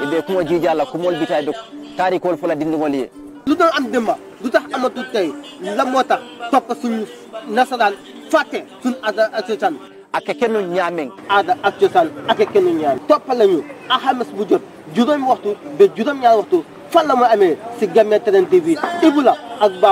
eɓe kuma jiijalla kumol bitay do taarikol fola dindigol ye lu doon am démba lu tax amatul tey la moo tax tokk suñu nasaraan fàtte suñu aada ak cosaan ake kennu ñaameng aada ak cosaan ake kennu ñaameng toppal lañu alxames bu jot juróomi waxtu ba juróom-ñaari waxtu fan la mooy amee si Gambian Talents TV Ibou la ak Babou